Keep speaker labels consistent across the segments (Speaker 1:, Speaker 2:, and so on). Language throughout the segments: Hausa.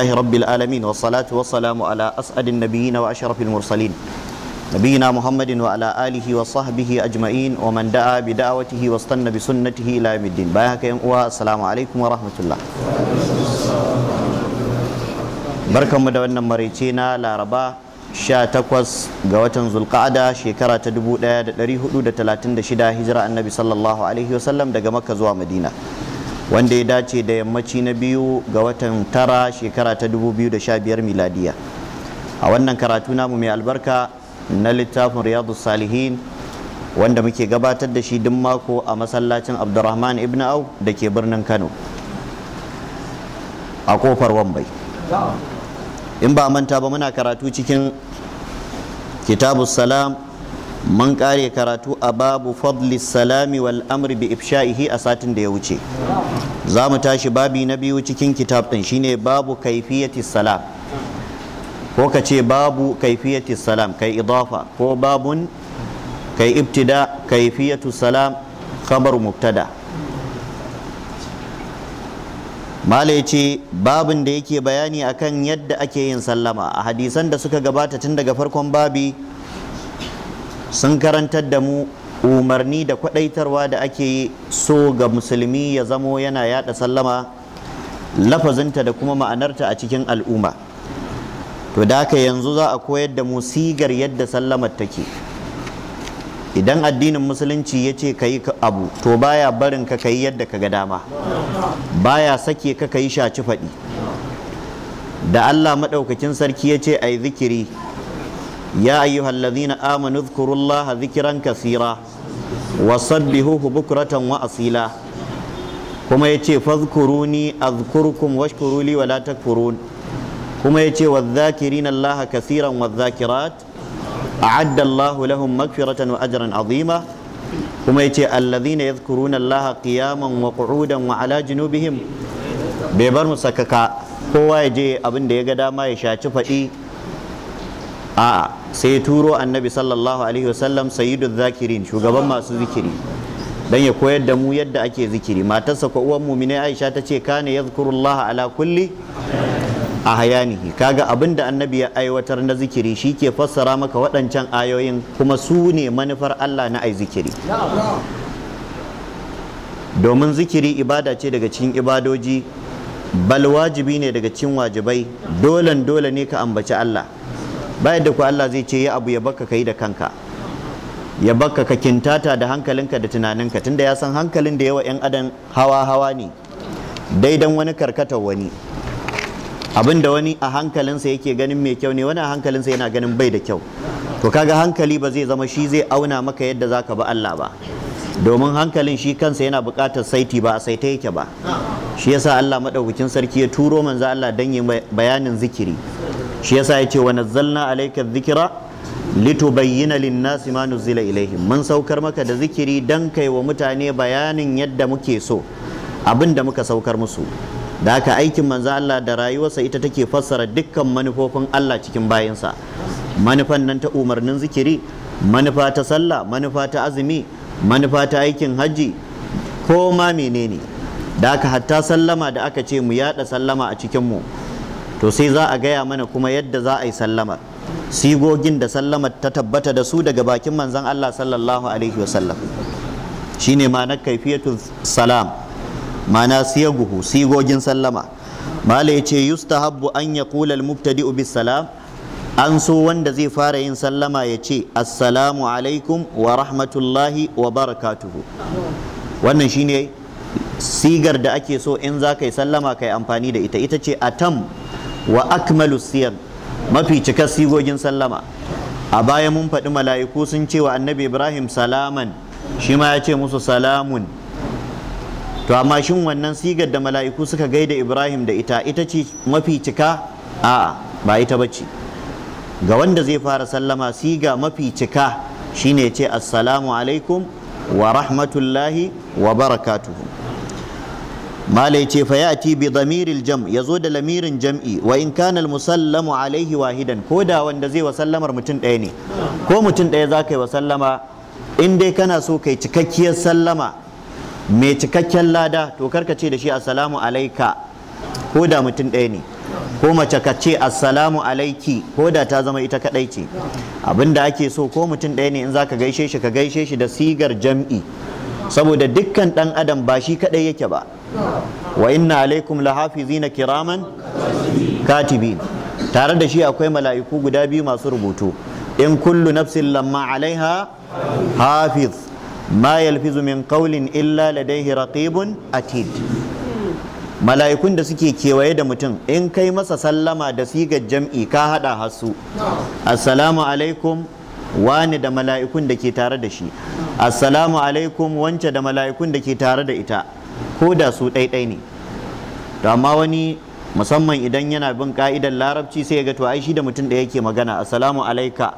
Speaker 1: لله رب العالمين والصلاة والسلام على أسعد النبيين وأشرف المرسلين نبينا محمد وعلى آله وصحبه أجمعين ومن دعا بدعوته واستنى بسنته إلى يوم الدين بايعك السلام عليكم ورحمة الله barkan mu da wannan maraice na laraba 18 ga watan zulqa'ada shekara ta 1436 hijira annabi sallallahu alaihi wasallam daga makka zuwa madina wanda ya dace da yammaci na biyu ga watan tara shekara ta 2015 miladiya a wannan karatu namu mai albarka na littafin riyadu salihin wanda muke gabatar da shi duk mako a masallacin abdurrahman ibn au da ke birnin kano a kofar wambai in ba manta ba muna karatu cikin kitabu salam mun kare karatu a babu fadli salami wal amri bi ifsha'ihi a satin da ya wuce za mu tashi babi na biyu cikin kitab din shine babu kaifiyati salam ko ka ce babu kaifiyati salam kai idafa ko babun kai ibtida kaifiyatu salam khabar mubtada mala ya ce babin da yake bayani akan yadda ake yin sallama a hadisan da suka gabata tun daga farkon babi sun karantar da mu umarni da kwadaitarwa da ake so ga musulmi ya zamo yana yada sallama lafazinta da kuma ma'anarta a cikin al'umma to da haka yanzu za a koyar da mu sigar yadda sallamar take idan addinin musulunci ya ce ka yi abu to baya barin ka yi yadda ka ga dama baya sake ka yi shaci faɗi da allah maɗaukakin sarki ya ce a yi zikiri يا أيها الذين آمنوا اذكروا الله ذكرا كثيرا وصبهوه بكرة وأصيلا كما يتي فاذكروني أذكركم واشكروا لي ولا تكفرون كما يتي والذاكرين الله كثيرا والذاكرات أعد الله لهم مغفرة وأجرا عظيما كما يتي الذين يذكرون الله قياما وقعودا وعلى جنوبهم بيبر مسككا kowa ya je abin da ya ga dama ya shaci faɗi a sai turo annabi sallallahu alaihi wasallam sayyidu zakirin shugaban masu zikiri dan ya koyar da mu yadda ake zikiri matarsa ko uwan mumine Aisha ta ce kana yazkurullah ala kulli a hayanihi kaga abin da annabi ya aiwatar na zikiri shi ke fassara maka waɗancan ayoyin kuma su ne manufar Allah na ai zikiri domin zikiri ibada ce daga cikin ibadoji bal wajibi ne daga cikin wajibai dole dole ne ka ambaci Allah bayan da ku Allah zai ce ya abu ya baka kai da kanka ya baka ka kintata da hankalinka da tunaninka tunda ya san hankalin da yawa 'yan adam hawa hawa ne daidan wani karkatar wani abin da wani a hankalinsa yake ganin mai kyau ne wani a hankalinsa yana ganin bai da kyau to kaga hankali ba zai zama shi zai auna maka yadda za ka bi Allah ba domin hankalin shi kansa yana buƙatar saiti ba a saita yake ba shi yasa Allah maɗaukakin sarki ya turo manzo Allah dan yi bayanin zikiri shi yasa yace wa nazzalna alayka dhikra litubayyana lin-nasi ma nuzila ilaihim mun saukar maka da zikiri dan kai wa mutane bayanin yadda muke so abin da muka saukar musu da haka aikin manzo Allah da rayuwarsa ita take fassara dukkan manufofin Allah cikin bayansa manufan nan ta umarnin zikiri manufa ta sallah manufa ta azumi manufa ta aikin hajji ko ma menene da aka hatta sallama da aka ce mu yada sallama a cikin mu to sai za a gaya mana kuma yadda za a yi sallamar sigogin da sallamar ta tabbata da su daga bakin manzan Allah sallallahu alaihi wasallam ma na kaifiyatun salam ma'ana siyaguhu sigogin sallama mala yace yustahabbu an yaqula al-mubtadi'u bis-salam an so wanda zai fara yin sallama ya ce assalamu alaikum wa rahmatullahi wa barakatuhu wannan shi ne sigar da ake so in za ka yi sallama ka yi amfani da ita ita ce atam wa akmalu siyam mafi cika sigogin sallama a baya mun faɗi mala'iku sun ce wa annabi ibrahim salaman shi ma ya ce musu salamun to amma shin wannan sigar da mala'iku suka gaida ibrahim da ita ita ce mafi cika a ba ita bace ga wanda zai fara sallama siga mafi cika shine ce assalamu alaikum wa rahmatullahi wa barakatuhu malai ce fa yati bi damiril jam ya zo da lamirin jam'i wa in kana musallamu alaihi wahidan ko da wanda zai wa sallamar mutum ɗaya ne ko mutum ɗaya za ka yi wa sallama in dai kana so kai cikakkiyar sallama mai cikakken lada to karka ce da shi assalamu alaika ko da mutum ɗaya ne ko mace ka ce assalamu alaiki ko da ta zama ita kaɗai ce abinda ake so ko mutum ɗaya ne in za ka gaishe shi ka gaishe shi da sigar jam'i saboda dukkan ɗan adam ba shi kaɗai yake ba wa inna alaikum lahafizina kiraman katibin tare da shi akwai mala'iku guda biyu masu rubutu in kullu nafsin lamma alaiha hafiz ma yalfizu min qawlin illa ladaihi raqibun atid mala'ikun da suke kewaye da mutum in kai masa sallama da sigar jam'i ka hada hasu assalamu alaikum wani da mala'ikun da ke tare da shi assalamu alaikum wance da mala'ikun da ke tare da ita ko da su ɗaiɗai ne to amma wani musamman idan yana bin ka'idar larabci sai ya ga to ai shi da mutum da yake magana assalamu alaika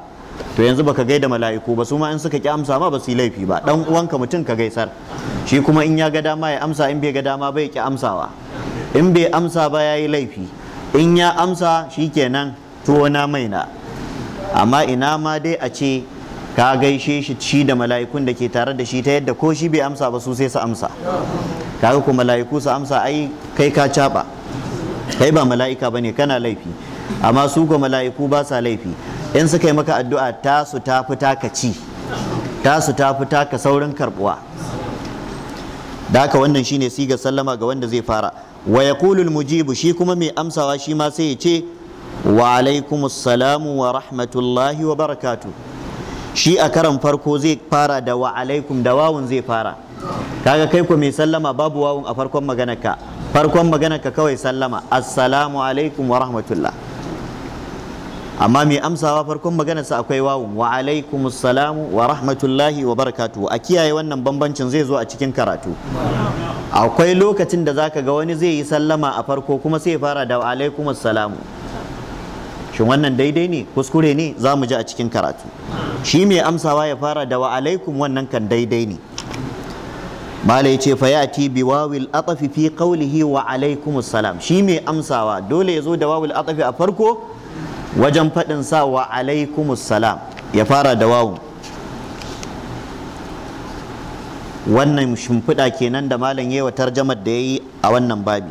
Speaker 1: to yanzu baka gaida mala'iku ba su ma in suka ki amsa ma ba su yi laifi ba dan uwanka mutum ka gaisar shi kuma in ya ga dama ya amsa in bai ga dama bai ki amsawa in bai amsa ba yayi laifi in ya amsa shikenan tuwo na maina amma ina ma dai a ce ka gaishe shi shi da mala'ikun da ke tare da shi ta yadda ko shi bai amsa ba su sai su amsa Ka ga kuma mala'iku su amsa ai kai ka caba kai ba mala'ika bane kana laifi amma su ga mala'iku ba sa laifi in suka yi maka addu'a ta su ta fita ka ci ta su ta fita ka saurin karbuwa da ka wannan shine siga sallama ga wanda zai fara wa yaqulul mujibu shi kuma mai amsawa shi ma sai ya ce wa alaikumus salamu wa rahmatullahi wa barakatuh shi a karan farko zai fara da wa alaikum da wawun zai fara kaga kai ku mai sallama babu wawun a farkon maganarka farkon maganarka kawai sallama assalamu alaikum wa rahmatullah amma mai amsawa farkon maganarsa akwai wawun wa alaikum assalamu wa rahmatullahi wa barakatu a kiyaye wannan bambancin zai zo a cikin karatu akwai lokacin da zaka ga wani zai yi sallama a farko kuma sai fara da wa alaikum assalamu shin wannan daidai ne kuskure ne za mu ji a cikin karatu shi mai amsawa ya fara da wa alaikum wannan kan daidai ne bala ya ce fayati bi wawil atafi fi qawlihi wa alaikum salam shi mai amsawa dole ya zo da wawil atafi a farko wajen faɗin sa wa alaikum salam ya fara da wawu wannan shimfiɗa kenan da malam yawa tarjamar da ya yi a wannan babi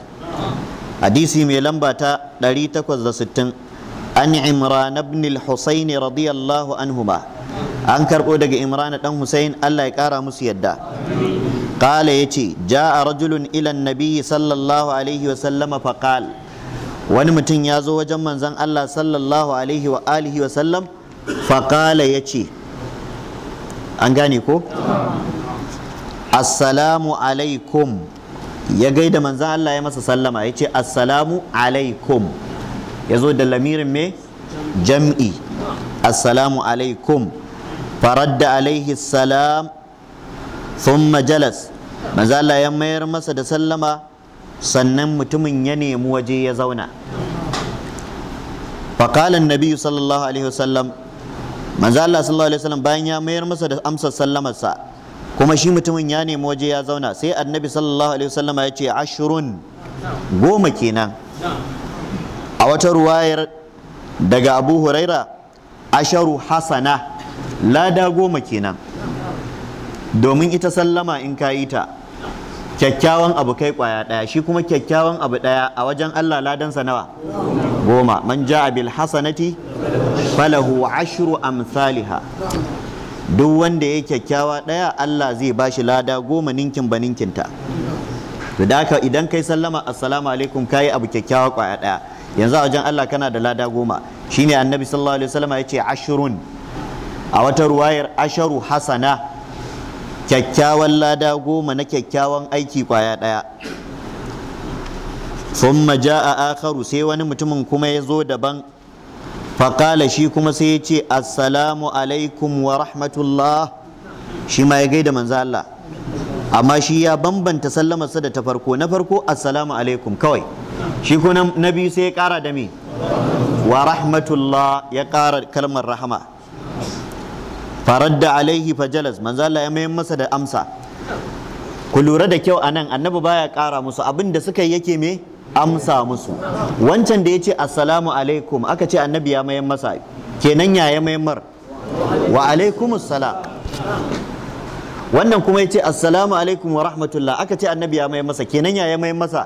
Speaker 1: hadisi mai lamba ta 860 an imran ibn al-husayn radiyallahu anhuma an karbo daga imran dan husayn Allah ya kara musu yadda qala yace jaa rajulun ila an-nabi sallallahu alaihi wa sallama fa qala wani mutum ya zo wajen manzon Allah sallallahu alaihi wa alihi wa sallam fa qala yace an gane ko assalamu alaikum ya gaida manzon Allah ya masa sallama yace assalamu alaikum ya zo da lamirin me jam'i assalamu alaikum faradda alaihi salam Sun majalas. manzo Allah ya mayar masa da sallama sannan mutumin ya nemi waje ya zauna فقال Nabiyu sallallahu alaihi عليه وسلم manzo sallallahu alaihi wasallam bayan ya mayar masa da amsar sallamarsa kuma shi mutumin ya nemi waje ya zauna sai annabi sallallahu alaihi wasallam ya ce ashirin goma kenan a wata ruwayar daga abu huraira asharu hasana lada goma kenan domin ita sallama in ka yi ta kyakkyawan abu kai kwaya daya shi kuma kyakkyawan abu daya a wajen Allah ladansa nawa goma man ja bil hasanati falahu ashru amsalha duk wanda ya kyakkyawa daya Allah zai bashi lada goma ninkin ba ninkinta da haka idan kai sallama assalamu alaikum kai abu kyakkyawa kwaya daya yanzu a wajen Allah kana da lada goma Shi shine annabi sallallahu alaihi wasallam ya ce ashrun a wata ruwayar asharu hasana kyakkyawan lada goma na kyakkyawan aiki kwaya daya thumma a akaru sai wani mutumin kuma ya zo daban faƙala shi kuma sai ya ce assalamu alaikum wa rahmatullah shi ma ya gaida manzo Allah amma shi ya bambanta sallamarsa da ta farko na farko assalamu alaikum kawai shi ko na biyu sai ya kara da me wa rahmatullah ya kara kalmar rahama faradda alaihi fajalas manzo Allah ya mayan masa da amsa ku lura da kyau anan annabi baya kara musu abin da suka yake me amsa musu wancan da ya ce assalamu alaikum aka ce annabi ya mayan masa kenan ya ya mayan mar wa alaikum salam wannan kuma ya ce assalamu alaikum wa rahmatullah aka ce annabi ya mayan masa kenan ya ya mayan masa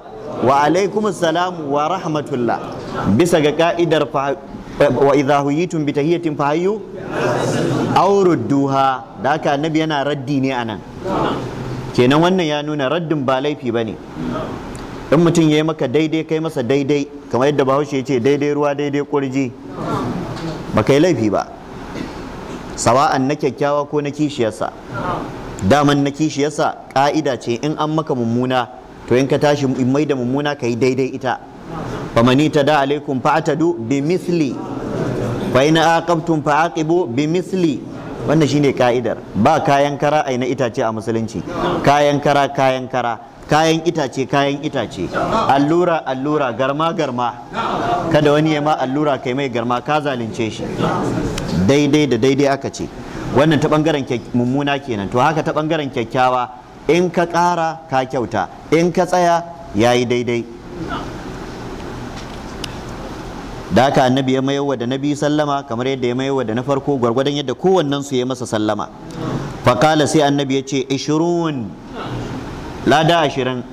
Speaker 1: wa alaikum salamu wa rahmatullah bisa ga ka'idar eh, wa idha huyitum bi tahiyatin fa hayyu Auru duha. da haka annabi yana raddi ne anan kenan wannan ya nuna raddin ba laifi bane in mutum ya yi maka daidai kai masa daidai kamar yadda bahaushe ya ce daidai ruwa daidai kurji ba kai laifi ba sawa'an na kyakkyawa ko na kishiyarsa daman na kishiyarsa ƙa'ida ce in an maka mummuna to in ka tashi in mai da mummuna ka yi daidai ita mani ta da alaikum fa'atadu bi misli fa ina aqabtum fa aqibu bi misli wannan shine ka'idar ba kayan kara ai na itace a musulunci kayan kara kayan kara kayan itace kayan itace allura allura garma garma kada wani ya ma allura kai mai garma ka zalunce shi daidai da daidai aka ce wannan ta bangaren mummuna kenan to haka ta bangaren kyakkyawa in ka ƙara ka kyauta in ka tsaya ya yi daidai da aka annabi ya mayarwa da nabi sallama kamar yadda ya mayarwa da na farko gwargwadon yadda kowannen su ya masa sallama fakala sai annabi ya ce ishirun lada ashirin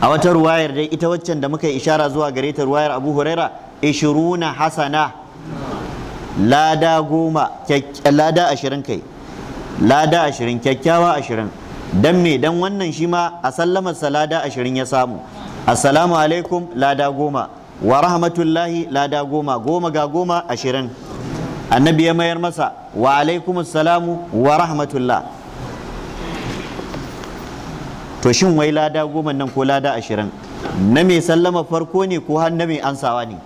Speaker 1: a wata ruwayar dai ita waccan da muka yi ishara zuwa gare ta ruwayar abu huraira ishiruna hasana lada goma lada ashirin kai lada ashirin kyakkyawa ashirin dan me dan wannan shi ma a sallamar salada ashirin ya samu assalamu alaikum lada goma wa rahmatullahi lada goma goma ga goma ashirin annabi ya mayar masa wa alaikum salamu wa rahmatullah to shin wai lada goma nan ko lada ashirin na mai sallama farko ne ko har na mai ansawa ne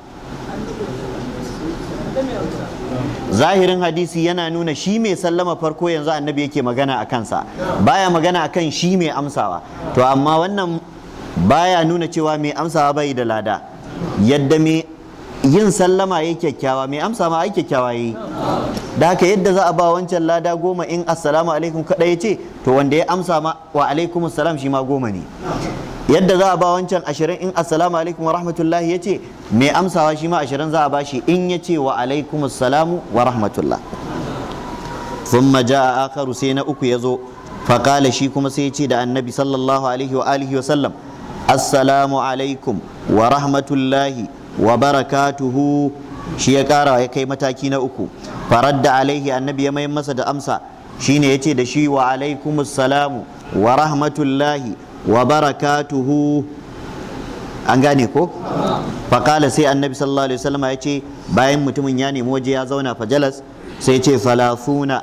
Speaker 1: zahirin hadisi yana nuna shi mai sallama farko yanzu annabi yake magana a kansa baya magana a kan shi mai amsawa to amma wannan baya nuna cewa mai amsawa bai da lada yadda mai yin sallama ya kyakkyawa mai amsa ma ai kyakkyawa yi da haka yadda za a ba wancan lada goma in assalamu alaikum kaɗai ya ce to wanda ya amsa ma wa alaikum assalam shi ma goma ne yadda za a ba wancan ashirin in assalamu alaikum wa rahmatullahi ya ce mai amsawa shi ma ashirin za a ba shi in ya ce wa alaikum assalamu wa rahmatullah sun maja a akaru sai na uku ya zo faƙala shi kuma sai ya ce da annabi sallallahu alaihi wa alihi wa sallam assalamu alaikum wa rahmatullahi wa barakatuhu shi ya ƙara ya kai mataki na uku faradda alaihi annabi ya mayar masa da amsa shine ya ce da shi wa alaikum salamu wa rahmatullahi wa barakatuhu an gane ko faƙala sai annabi sallallahu alaihi wasallam ya ce bayan mutumin ya nemi waje ya zauna fajalas sai ce falafuna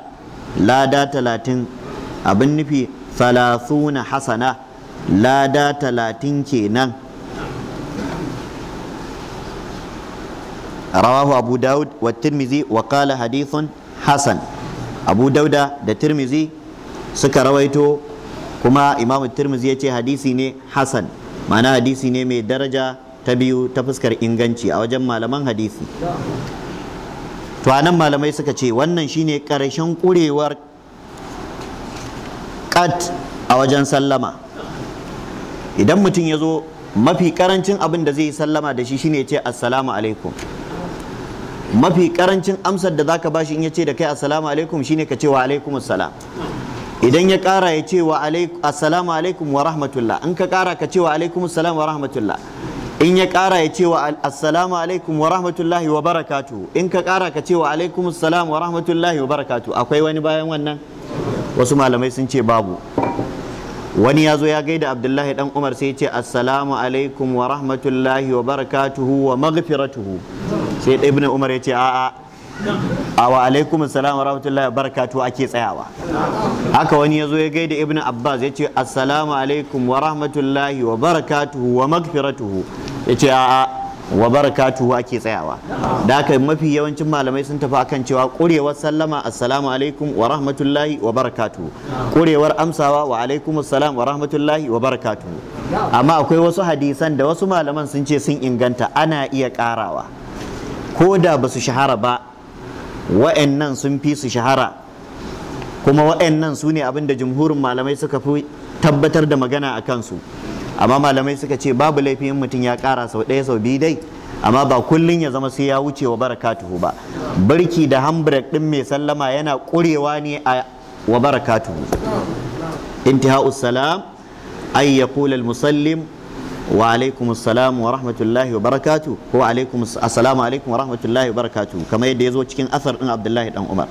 Speaker 1: lada talatin abin nufi falafuna hasana lada talatin kenan rawahu abu daud wa tirmizi wa qala hadithun hasan abu dauda da tirmizi suka rawaito kuma imamu tirmizi ya ce hadisi ne hasan ma'ana hadisi ne mai daraja ta biyu ta fuskar inganci a wajen malaman hadisi to anan malamai suka ce wannan shine ƙarshen ƙurewar kat a wajen sallama idan mutum ya zo mafi karancin abin da zai yi sallama da shi shine ce assalamu alaikum mafi karancin amsar da zaka bashi in ya ce da kai assalamu alaikum shine ka ce wa alaikum assalam idan ya kara ya ce wa assalamu alaikum wa rahmatullah in ka kara ka ce wa alaikum assalam wa rahmatullah in ya kara ya ce wa assalamu alaikum wa rahmatullahi wa barakatu in ka kara ka ce wa alaikum assalam wa rahmatullahi wa barakatu akwai wani bayan wannan wasu malamai sun ce babu wani ya zo ya gaida abdullahi dan umar sai ce assalamu alaikum wa rahmatullahi wa barakatuhu wa maghfiratuhu sai ibn umar ya ce a'a a alaikum salam wa rahmatullahi wa barakatu ake tsayawa haka wani ya zo ya gaida ibn abbas ya ce assalamu alaikum wa rahmatullahi wa barakatuhu wa magfiratuhu ya ce a'a wa barakatuhu ake tsayawa da haka mafi yawancin malamai sun tafi akan cewa kurewar sallama assalamu alaikum wa rahmatullahi wa barakatuhu kurewar amsawa wa alaikum salam wa rahmatullahi wa barakatuhu amma akwai wasu hadisan da wasu malaman sun ce sun inganta ana iya karawa ko da ba su shahara ba wa'annan sun fi su shahara kuma wa'annan su ne abinda da jumhurin malamai suka fi tabbatar da magana a kansu amma malamai suka ce babu laifin mutum ya kara sau ɗaya sau biyu dai amma ba kullum ya zama sai ya wuce wa barakatuhu ba barki da hamburg ɗin mai sallama yana kurewa ne a wa barakatuhu intiha'us salam ay yaqul al musallim wa alaikum assalamu wa rahmatullahi wa barakatu ko alaikum assalamu alaikum wa rahmatullahi wa barakatu kamar yadda ya zo cikin asar din abdullahi dan umar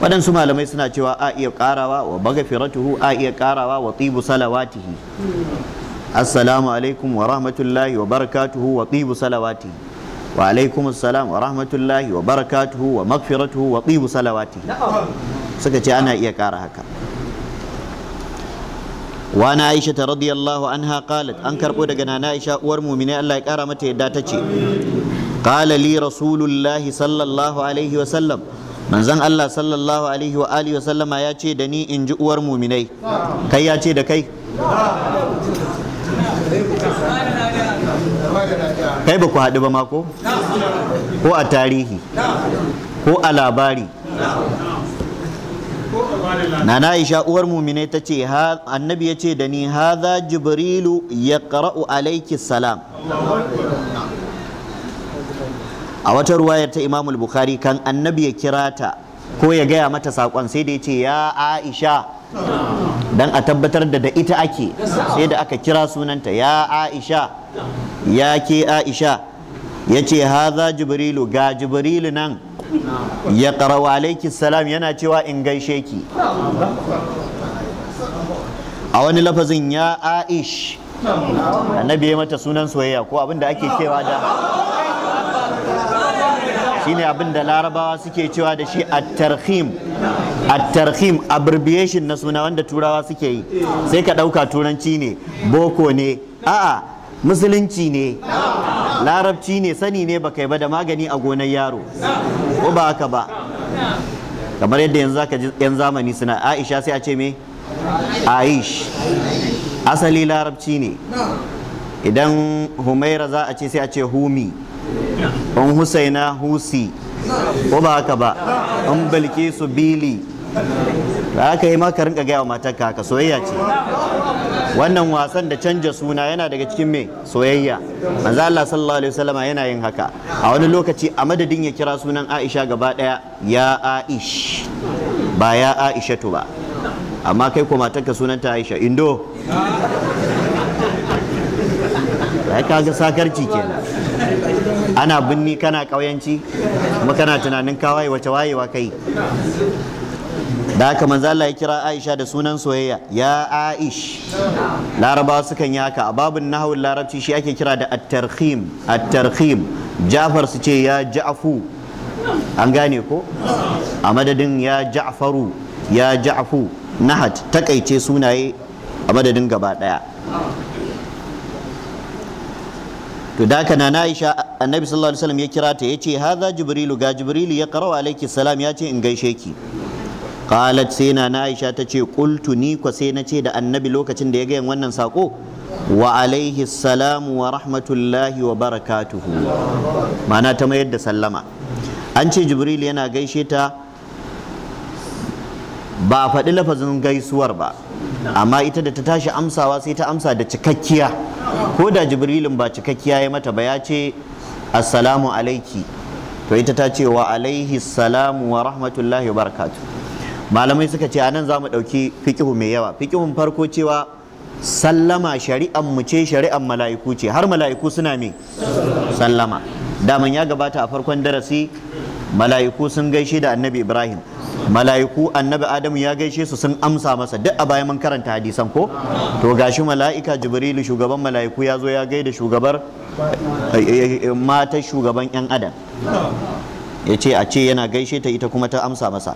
Speaker 1: waɗansu malamai suna cewa a iya karawa wa bagafiratuhu a iya karawa wa tibu salawatihi assalamu alaikum wa rahmatullahi wa barakatuhu wa tibu salawatihi wa alaikum assalam wa rahmatullahi wa barakatuhu wa magfiratuhu wa tibu salawatihi suka ce ana iya kara haka وعن عائشة رضي الله عنها قالت أنكر قد عائشة ورمو من الله يكارا متى قال لي رسول الله صلى الله عليه وسلم من زن الله صلى الله عليه وآله وسلم يا شي دني إن جؤور مؤمني كي يا شي دكي kai ba ku haɗu ba mako ko a tarihi ko a labari nana Aisha uwar mumine ta ce annabi ya ce da ni haza jibrilu ya qara'u alayki salam a wata ruwayar ta Imamul Bukhari kan annabi ya kira ta ko ya gaya mata saƙon sai da ya ce ya Aisha dan a tabbatar da da ita ake sai da aka kira sunanta ya Aisha ya ke Aisha ya ce haza jibrilu ga jibrilu nan ya karawa alaiki salam yana cewa in gaishe ki a wani lafazin ya aish annabi ya mata sunan soyayya ko abin da ake cewa da shine abin da larabawa suke cewa da shi at-tarhim at-tarhim abbreviation na suna wanda turawa suke yi sai ka ɗauka turanci ne boko ne a'a musulunci ne larabci ne sani ne baka kai ba da magani a gonar yaro ko ba haka ba kamar yadda yanzu zaka ji yan zamani suna aisha sai a ce me aish asali larabci ne idan humaira za a ce sai a ce humi in husaina husi ko ba haka ba in bilkisu bili da yi maka rinka gaya wa matarka haka soyayya ce wannan wasan da canja suna yana daga cikin me soyayya manzo Allah sallallahu alaihi wasallama yana yin haka a wani lokaci a madadin ya kira sunan Aisha gaba daya ya Aish ba ya Aishatu ba amma kai ko matarka sunanta Aisha indo ai kaga sakarci kenan ana binni kana kauyanci kuma kana tunanin kawai wace wayewa kai da haka manzo Allah ya kira Aisha da sunan soyayya ya Aish Larabawa sukan yi haka a babun nahawul larabci shi ake kira da at-tarkhim at-tarkhim Jafar su ce ya Ja'fu an gane ko a madadin ya Ja'faru ya Ja'fu nahat takaice sunaye a madadin gaba daya to da haka na Aisha Annabi sallallahu alaihi wasallam ya kira ta yace hadha Jibrilu ga Jibrilu ya qara'u alayki salam yace in gaishe ki qalat sai na Aisha ta ce kultu ni ko sai na ce da annabi lokacin da ya gayan wannan sako wa alaihi salamu wa rahmatullahi wa barakatuhu Mana ta mayar da sallama an ce jibril yana gaishe ta ba a faɗi lafazin gaisuwar ba amma ita da ta tashi amsawa sai ta amsa da cikakkiya ko da jibrilin ba cikakkiya ya mata ba ya ce assalamu alaiki to ita ta ce wa alaihi salamu wa rahmatullahi wa barakatuhu malamai suka ce anan za mu ɗauki fiƙihu mai yawa fikihun farko cewa sallama shari'an mu ce shari'an mala'iku ce har mala'iku suna me sallama daman ya gabata a farkon darasi mala'iku sun gaishe da annabi ibrahim mala'iku annabi adamu ya gaishe su sun amsa masa duk a bayan mun karanta hadisan ko to gashi mala'ika jibrilu shugaban mala'iku ya zo ya gaida shugabar eh, eh, eh, matar shugaban yan adam ya ce a ce yana gaishe ta ita kuma ta amsa masa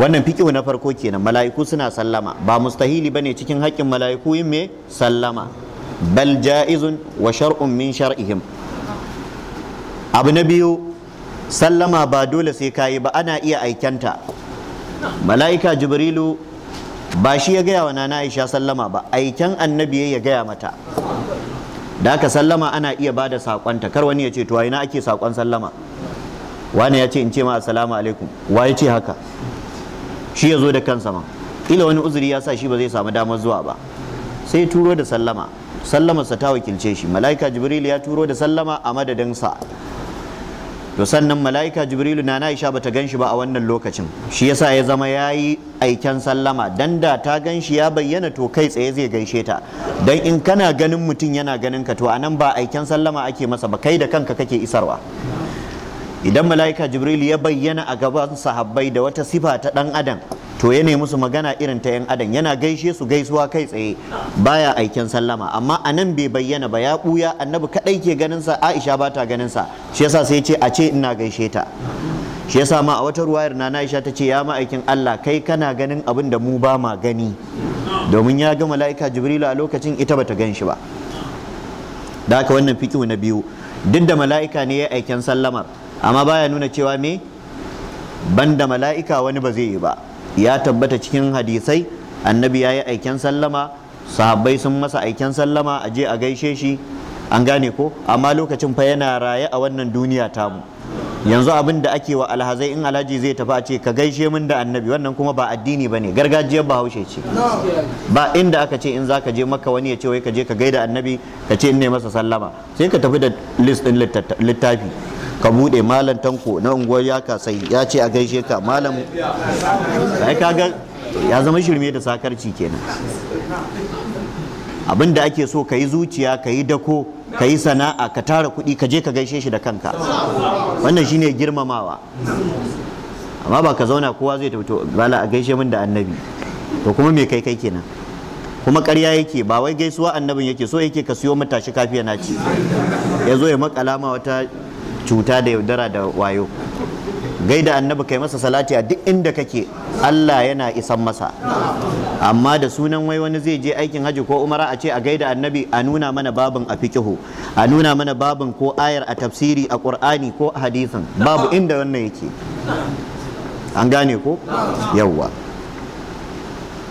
Speaker 1: wannan fiƙihu na farko kenan mala'iku suna sallama ba mustahili bane cikin haƙƙin mala'iku yin me sallama bal ja'izun wa shar'un min shar'ihim abu na biyu sallama ba dole sai kayi ba ana iya aikanta mala'ika jibrilu ba shi ya gaya wa nana aisha sallama ba aiken annabi ya gaya mata da aka sallama ana iya bada sakonta kar wani ya ce to ina ake sakon sallama wani ya ce in ce ma assalamu alaikum wa ya ce haka shi ya zo da kansa ma ila wani uzuri ya sa shi ba zai samu damar zuwa ba sai turo da sallama sallamarsa ta wakilce shi mala'ika jibril ya turo da sallama a madadin sa to sannan mala'ika jibrilu na na isha bata gan shi ba a wannan lokacin shi yasa ya zama ya yi aiken sallama dan da ta ganshi ya bayyana to kai tsaye zai gaishe ta dan in kana ganin mutum yana ganin ka to anan ba aiken sallama ake masa ba kai da kanka kake isarwa idan mala'ika jibril ya bayyana a gaban sahabbai da wata sifa ta dan adam to ya nemi musu magana irin ta yan adam yana gaishe su gaisuwa kai tsaye baya aikin sallama amma a nan bai bayyana ba ya buya annabi kadai ke ganin sa aisha ba ta ganin sa shi yasa sai ce a ce ina gaishe ta shi yasa ma a wata ruwayar na aisha ta ce ya ma'aikin Allah kai kana ganin abin da mu ba ma gani domin ya ga mala'ika jibrilu a lokacin ita bata gan shi ba da haka wannan fikihu na biyu duk da mala'ika ne ya aikin sallamar amma baya nuna cewa me banda mala'ika wani ba zai yi ba ya tabbata cikin hadisai annabi ya yi aiken sallama sahabbai sun masa aiken sallama a je a gaishe shi an gane ko amma lokacin fa yana raye a wannan duniya tamu yanzu abin da ake wa alhazai in alhaji zai tafi a ce ka gaishe min da annabi wannan kuma ba addini bane gargajiyar bahaushe ce ba inda aka ce in zaka je maka wani ya ce wai ka je ka gaida annabi ka ce in ne masa sallama sai ka tafi da list din littafi ka buɗe, malam tanko na unguwar ya sai ya ce a gaishe ka malam sai ga? ya zama shirme da sakarci kenan abin da ake so ka yi zuciya ka yi dako ka yi sana'a ka tara kuɗi ka je ka gaishe shi da kanka wannan shine girmamawa amma ba ka zauna kowa zai tafi bala a gaishe min da annabi to kuma me kai kai kenan kuma ƙarya yake ba wai gaisuwa annabin yake so yake ka siyo matashi kafiya na ci ya zo ya makala ma wata cuta da yaudara da wayo Gai da annabi kai masa salati a duk inda kake Allah yana isan masa amma da sunan wai wani zai je aikin hajji ko umara a ce a gaida annabi a nuna mana babin a fikihu a nuna mana babin ko ayar a tafsiri a qur'ani ko a hadisin babu inda wannan yake an gane ko yawwa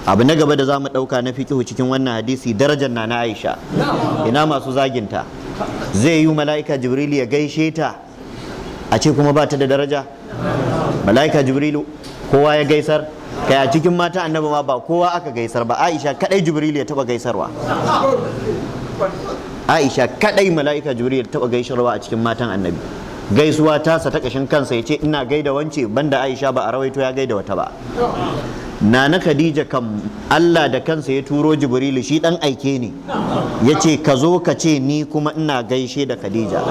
Speaker 1: abu na gaba da za mu ɗauka na fikihu cikin wannan hadisi darajar na na aisha ina masu zaginta zai yi mala'ika jibril ya gaishe ta a ce kuma ba ta da daraja mala'ika jibrilu kowa ya gaisar kai a cikin mata annabi ma ba kowa aka gaisar ba aisha kadai jibril ya taba gaisarwa aisha kadai mala'ika jibril ya taba gaisarwa a cikin matan annabi gaisuwa tasa ta kashin kansa ya ce ina gaida wance banda aisha ba a rawaito ya gaida wata ba nana khadija kam allah da kansa ya turo jibrilu shi dan aike ne ya ce ka zo ka ce ni kuma ina gaishe da khadija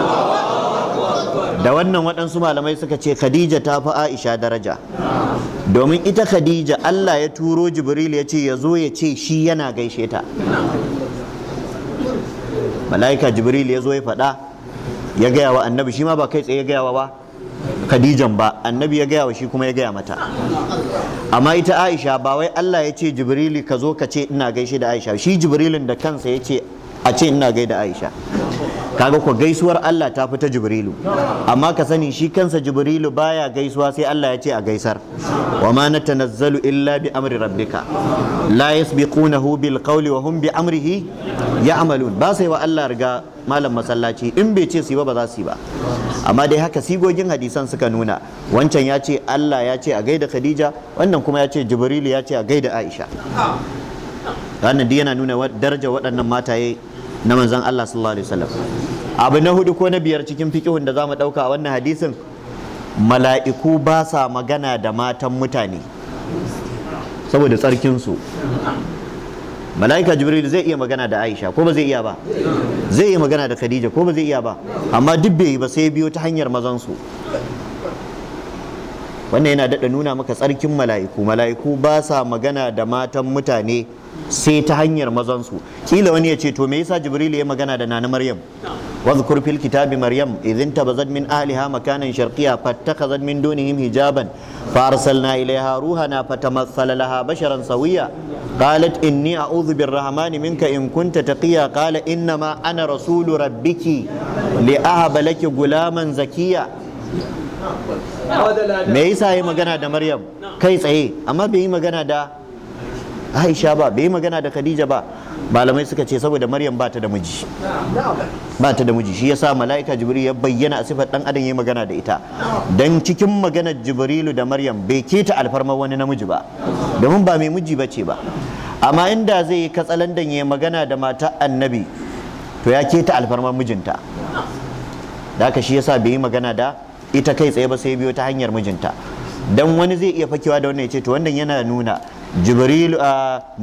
Speaker 1: da wannan waɗansu malamai suka ce khadija ta fi aisha daraja domin ita khadija allah ya turo jibril ya ce ya zo ya ce shi yana gaishe ta mala'ika jibril ya zo ya faɗa ya gaya wa annabi shi ma ba kai tsaye ya gaya wa ba khadijan ba annabi ya gaya wa shi kuma ya gaya mata amma ita aisha ba wai allah ya ce jibrili ka zo ka ce ina gaishe da aisha shi jibrilin da kansa ya ce a ce ina gaida aisha kaga ko gaisuwar Allah ta fi ta Jibrilu amma ka sani shi kansa Jibrilu baya gaisuwa sai Allah ya ce a gaisar wa ma natanazzalu illa bi amri rabbika la yasbiqunahu bil qawli wa hum bi amrihi ya'malun ba sai wa Allah riga malam masallaci in bai ce su ba ba za su yi ba amma dai haka sigogin hadisan suka nuna wancan ya ce Allah ya ce a gaida Khadija wannan kuma ya ce Jibrilu ya ce a gaida Aisha wannan duk yana nuna daraja waɗannan mataye na manzan Allah sallallahu alaihi wasallam abu na hudu ko na biyar cikin fikihun da zamu dauka a wannan hadisin mala'iku ba sa magana da matan mutane saboda tsarkin su mala'ika jibril zai iya magana da aisha ko ba zai iya ba zai iya magana da khadija ko ba zai iya ba amma duk bai ba sai biyo ta hanyar mazan su wannan yana daɗa nuna maka tsarkin mala'iku mala'iku ba sa magana da matan mutane sai ta hanyar mazansu kila wani ya ce to me yasa jibril ya magana da nana maryam wadhkur fil kitabi maryam idhin tabazat min aliha makanan sharqiyya fattakhazat min dunihim hijaban fa arsalna ilayha ruhana fatamassala laha basharan sawiyya qalat inni a'udhu birrahmani minka in kunta ta kiya. qala inna ma ana rasulu rabbiki li ahaba laki gulaman zakiya. me yasa yi magana da maryam kai tsaye amma bai yi magana da aisha ba bai yi magana da khadija ba malamai suka ce saboda maryam ba ta da miji ba ta da miji shi yasa mala'ika jibril ya bayyana a sifar dan adam yayi magana da ita dan cikin maganar jibrilu da maryam bai keta alfarma wani namiji ba domin ba mai miji ce ba amma inda zai yi katsalandan ya magana da mata annabi to ya keta alfarma mijinta da haka shi yasa bai yi magana da ita kai tsaye ba sai biyo ta hanyar mijinta dan wani zai iya fakewa da wannan ya ce to wannan yana nuna jibril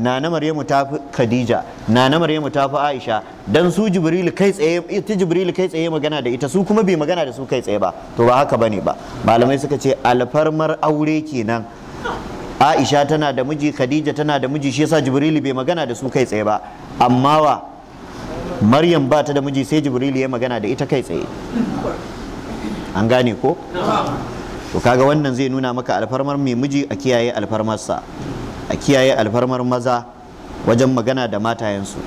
Speaker 1: nana maryamu ta fi khadija nana maryamu ta fi aisha dan su jibril kai tsaye ita jibril kai tsaye magana da ita su kuma bai magana da su kai tsaye ba to ba haka bane ba malamai suka ce alfarmar aure kenan aisha tana da miji khadija tana da miji shi yasa jibril bai magana da su kai tsaye ba amma wa maryam ba ta da miji sai jibril ya magana da ita kai
Speaker 2: tsaye
Speaker 1: an gane ko to kaga wannan zai nuna maka alfarmar mai miji a kiyaye alfarmarsa a kiyaye alfarmar maza wajen magana da matayensu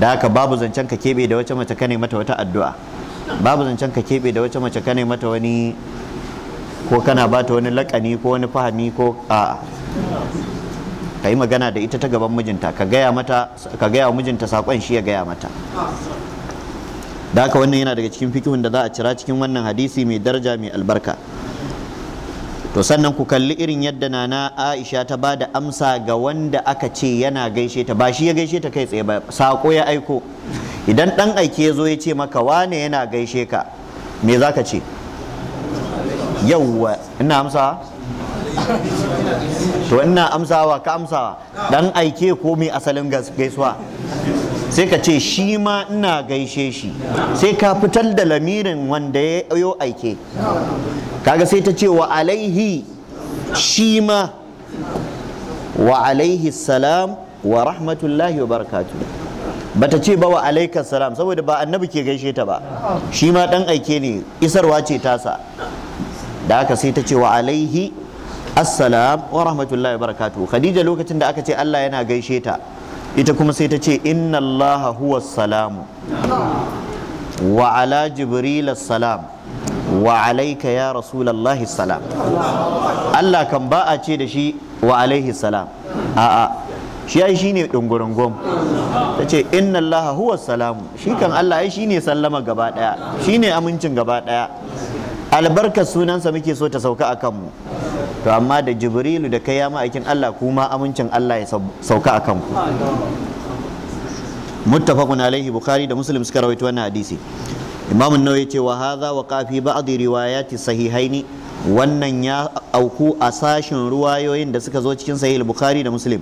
Speaker 1: da haka babu zancen ka keɓe da wace mace kane mata wata addu'a babu zancen ka kebe da wace mace kane mata wani ko kana ba ta wani lakani ko wani fahami ko a ka yi magana da ita ta gaban mijinta ka gaya mata ka gaya mijinta saƙon shi ya gaya mata da haka wannan yana daga cikin fikimin da za a cira cikin wannan hadisi mai daraja mai albarka to sannan ku kalli irin yadda nana aisha ta ba da amsa ga wanda aka ce yana gaishe ta ba shi ya gaishe ta kai tsaye ba sako ya aiko idan ɗan aike ya zo ya ce maka wane yana gaishe ka me za ka ce yauwa ina amsa to ina amsawa ka amsawa dan aike ko mai asalin gaisuwa sai ka ce shi ma ina gaishe shi sai ka fitar da lamirin wanda ya yo aike kaga sai ta ce wa alaihi shi ma wa alaihi salam wa rahmatullahi wa barakatu bata ce ba wa alaikar salam saboda ba annabi ke gaishe ta ba shi ma dan aike ne isarwa ce tasa da haka sai ta ce wa alaihi assalam wa rahmatullahi wa barakatuhu khadija lokacin da aka ce Allah yana gaishe ta ita kuma sai ta ce inna Allah huwa salamu wa ala jibril salam wa alayka ya rasulullahi salam Allah kan ba a ce da shi wa alaihi salam a'a shi ai shine dungurungum ta ce inna Allah huwa salamu shi kan Allah ai shine sallama gaba daya shine amincin gaba daya Albarka sunansa muke so ta sauka a kanmu to amma da jibrilu da kai ya ma'aikin Allah kuma amincin Allah ya sauka a kanku muttafaqun alaihi bukhari da muslim suka rawaito wannan hadisi imam an-nawawi yace wa hadha wa qafi ba'd riwayati sahihaini wannan ya auku a sashin ruwayoyin da suka zo cikin sahih bukhari da muslim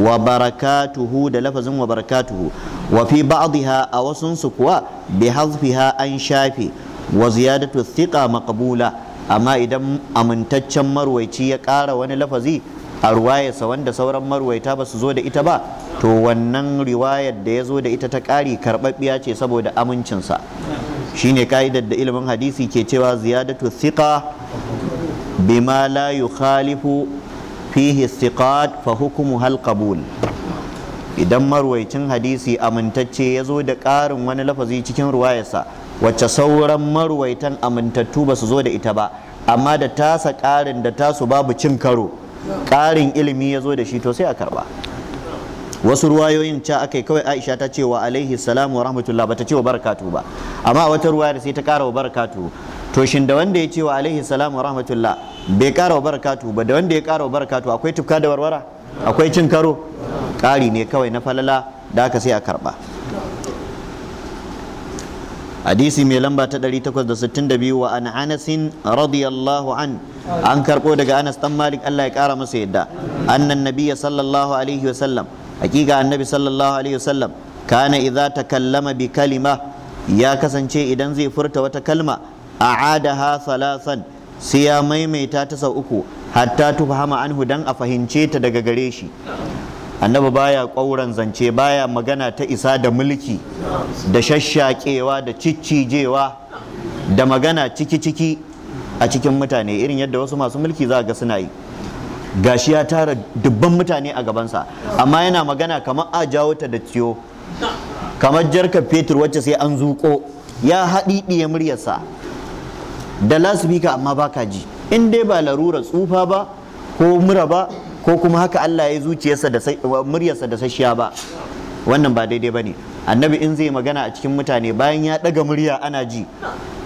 Speaker 1: wa barakatuhu da lafazin wa barakatuhu wa fi ba'dha a wasun su kuwa bi hazfiha an shafi wa ziyadatu thiqa maqbula amma idan amintaccen marwaici ya ƙara wani lafazi a ruwayarsa wanda sauran marwaita ba su zo da ita ba to wannan riwayar da ya zo da ita ta ƙari karɓaɓɓiya ce saboda amincinsa shine ka'idar da ilimin hadisi ke cewa ziyadatu thiqa bima la yukhalifu fihi thiqat fa hukumu hal qabul idan marwaicin hadisi amintacce ya zo da ƙarin wani lafazi cikin ruwayarsa wacce sauran Marwaitan amintattu ba su zo da ita ba amma da tasa ƙarin da tasu babu cin karo ƙarin ilimi ya zo da shi to sai a karba wasu ruwayoyin ca aka yi kawai aisha ta ce wa alaihi salam wa rahmatullah bata ce wa barakatu ba amma wata ruwaya sai ta kara wa barakatu to shin da wanda ya ce wa alaihi salam wa rahmatullah bai kara wa barakatu ba da wanda ya kara wa barakatu akwai tufka da warwara akwai cin karo ƙari ne kawai na falala da aka sai a karba hadisi mai lamba ta 862 wa an anasin radiyallahu an an karbo daga anas dan malik Allah ya kara masa yadda annan nabiyya sallallahu alaihi wasallam hakika annabi sallallahu alaihi wasallam kana idza takallama bi kalima ya kasance idan zai furta wata kalma a'adaha salasan sai ya maimaita ta sau uku hatta tufahama anhu dan a fahimce ta daga gare shi annabi baya ƙwauran zance baya magana ta isa da mulki da shashakewa da ciccijewa da magana ciki-ciki a cikin mutane irin yadda wasu masu mulki za ga suna yi gashi ya tara dubban mutane a gabansa amma yana magana kamar a jawo ta da ciyo kamar Jarka fetur wacce sai an zuƙo ya haɗiɗiye muryarsa da lasifika amma baka ji in dai ba larura tsufa ba ko mura ba ko kuma haka Allah ya zuciyarsa da muryarsa da sashiya ba wannan ba daidai bane annabi in zai magana a cikin mutane bayan ya daga murya ana ji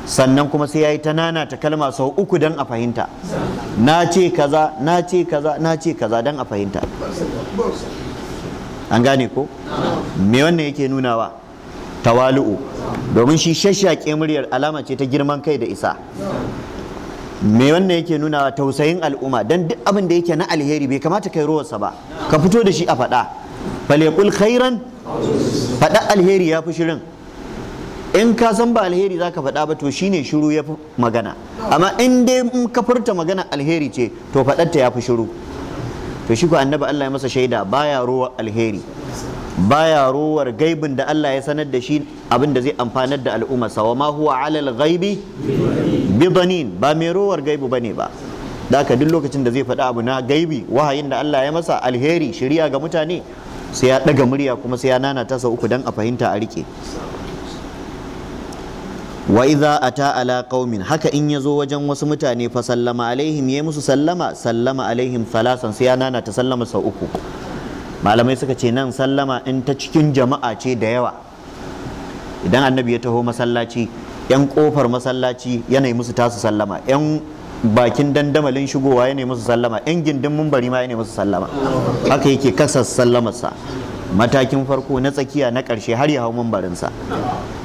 Speaker 1: sannan kuma sai ya yi ta nana ta kalma sau uku don a fahimta na ce kaza na ce kaza na ce kaza don a fahimta an gane ko me wannan yake nunawa tawalu'u domin shi shashake muryar alama ce ta girman kai da isa me wannan yake nuna tausayin al'umma dan duk abin da yake na alheri bai kamata kai ruwarsa ba ka fito da shi a faɗa kul khairan faɗa alheri ya fi shirin in ka san ba alheri za ka faɗa ba to shine shiru ya fi magana amma in dai in ka furta magana alheri ce to faɗarta ya fi shiru to annabi Allah ya masa shaida baya ruwa alheri baya rowar gaibin da Allah ya sanar da shi abin da zai amfanar da al'umma. wa ma huwa alal ghaibi banin ba mai ruwar gaibu bane ba daka duk lokacin da zai faɗa abu na gaibi wahayin da Allah ya masa alheri shiriya ga mutane sai ya ɗaga murya kuma sai ya nana ta sau uku dan a fahimta a rike wa idza ata ala qaumin haka in yazo wajen wasu mutane fa sallama alaihim yayi musu sallama sallama alaihim salasan sai ya nana ta sallama sau uku malamai suka ce nan sallama in ta cikin jama'a ce da yawa idan annabi ya taho masallaci yan kofar masallaci yanayi musu tasu sallama yan bakin dandamalin shigowa yanayi musu sallama yan gindin mumbari ma yanayi musu sallama haka yake kasar sallamarsa matakin farko na tsakiya na karshe har ya hau mumbarinsa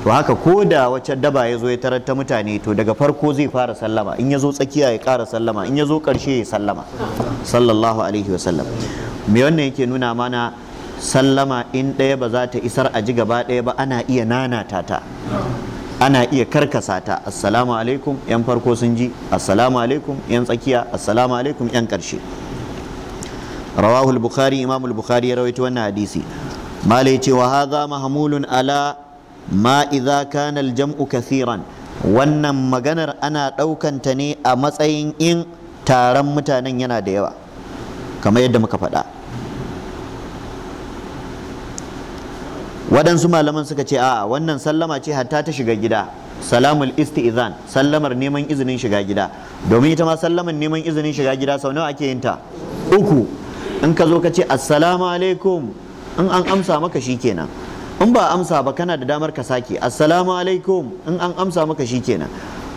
Speaker 1: to haka ko da wacce daba ya zo ya tarar ta mutane to daga farko zai fara sallama in ya zo tsakiya ya kara sallama in ya zo ƙarshe ya sallama sallallahu alaihi wasallam me wannan yake nuna mana sallama in ɗaya ba za ta isar a ji gaba ɗaya ba ana iya nanata ta ana iya karkasa ta assalamu alaikum yan farko sun ji assalamu alaikum yan tsakiya assalamu alaikum yan karshe. Rawahul al-bukhari imam bukhari ya rawaito wannan hadisi malai ce wa hadha mahmulun ala ma idza kana jamu kathiran wannan maganar ana ɗaukan ta ne a matsayin in taron mutanen yana da yawa kamar yadda muka faɗa waɗansu malaman suka ce a'a wannan sallama ce hatta ta shiga gida salamul isti'zan sallamar neman izinin shiga gida domin ita ma sallamar neman izinin shiga gida sau nawa ake yin ta uku in ka zo ka ce assalamu alaikum in an amsa maka shikenan in ba amsa ba kana da damar ka sake assalamu alaikum in an amsa maka shikenan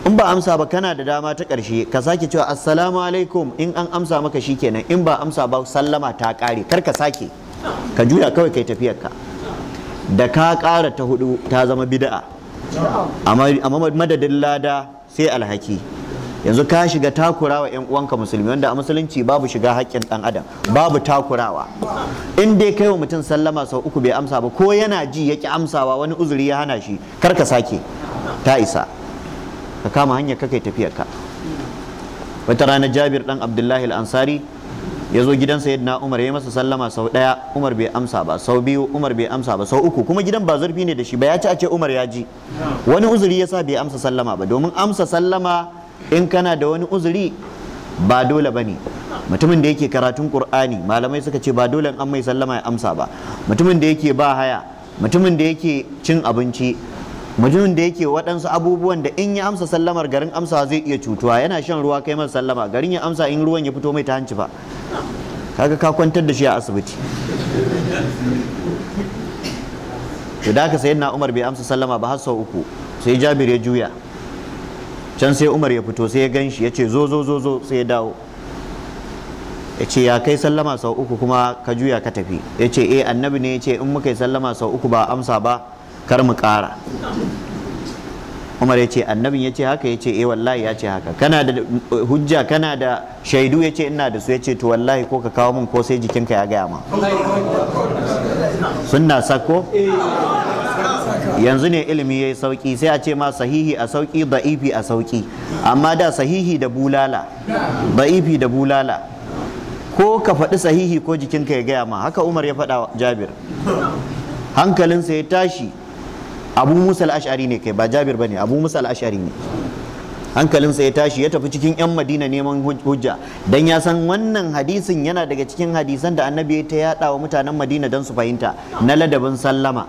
Speaker 1: in ba amsa ba kana da dama ta ƙarshe ka sake cewa assalamu alaikum in an amsa maka shikenan in ba amsa ba sallama ta ƙare kar ka sake ka juya kawai kai tafiyarka ka da ka ƙara ta hudu ta zama bida'a amma madadin lada sai alhaki yanzu ka shiga takura wa yan uwanka musulmi wanda a musulunci babu shiga haƙƙin ɗan adam babu takurawa in dai kai wa mutum sallama sau uku bai amsa ba ko yana ji ya ki amsawa wani uzuri ya hana shi kar ka sake ta isa ka kama hanyar ka kai tafiyarka wata rana jabir ɗan abdullahi al-ansari ya zo gidan sayyidina umar ya masa sallama sau daya umar bai amsa ba sau biyu umar bai amsa ba sau uku kuma gidan ba zurfi ne da shi ba ya ci a ce umar ya ji wani uzuri ya sa bai amsa sallama ba domin amsa sallama in kana da wani uzuri ba dole ba ne mutumin da yake karatun Kur'ani malamai suka ce ba dole an mai sallama ya amsa ba mutumin da yake ba haya mutumin da yake cin abinci mutumin da yake waɗansu abubuwan da in ya amsa sallamar garin amsa zai iya cutuwa yana shan ruwa kai masa sallama garin ya amsa in ruwan ya fito mai ta hanci fa kaga ka kwantar da shi a asibiti to da sai na Umar bai amsa sallama ba har sau uku sai Jabir ya juya can sai Umar ya fito sai ya ganshi ya ce zo zo zo zo sai ya dawo ya ce ya kai sallama sau uku kuma ka juya ka tafi ya ce eh annabi ne ya ce in muka yi sallama sau uku ba amsa ba kar mu ƙara umar ya ce annabin ya ce haka ya ce eh wallahi ya ce haka kana da hujja kana da shaidu ya ce ina da su ya ce to wallahi ko ka kawo min ko sai jikinka ya gaya ma sunna sako yanzu ne ilimi ya yi sauki sai a ce ma sahihi a sauki da'ifi a sauki amma da sahihi da bulala da'ifi da bulala ko ka faɗi sahihi ko jikinka ya gaya ma haka umar ya faɗa jabir hankalinsa ya tashi abu musa al'ashari ne kai ba jabir bane abu musa al'ashari ne hankalinsa ya tashi ya tafi cikin 'yan madina neman hujja don ya san wannan hadisin yana daga cikin hadisan da annabi ta yada wa mutanen madina don su fahimta na ladabin sallama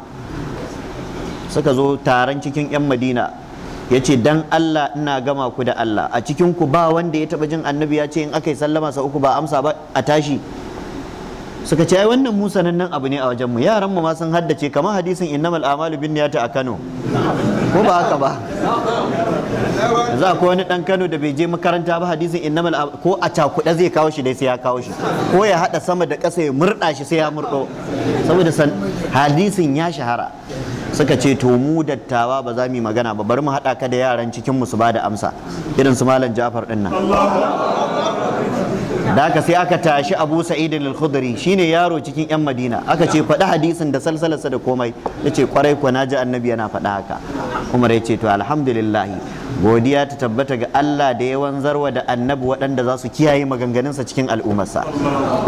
Speaker 1: suka zo taron cikin 'yan madina ya ce don allah ina gama ku da allah a cikin ku ba wanda ya taba jin annabi ya ce in aka yi sallama sa uku ba amsa ba a tashi suka ce ai wannan musa nan abu ne a mu yaran mu ma sun haddace kamar hadisin innamal amalu binniyati a Kano ko ba haka ba za ko wani dan Kano da bai je makaranta ba hadisin innamal ko a cakuɗa zai kawo shi dai sai ya kawo shi ko ya hada sama da ƙasa ya murda shi sai ya murdo saboda san hadisin ya shahara suka ce to mu dattawa ba za mu yi magana ba bari mu haɗa ka da yaran cikin mu su ba da amsa irin su malam Jafar dinnan. da aka sai aka tashi abu sa'id al-khudri shine yaro cikin yan madina aka ce faɗi hadisin da salsalarsa da komai yace kwarai ko naji annabi yana faɗa haka umar yace to alhamdulillah godiya ta tabbata ga Allah da yawan zarwa da annabi waɗanda za su kiyaye maganganunsa cikin al'ummarsa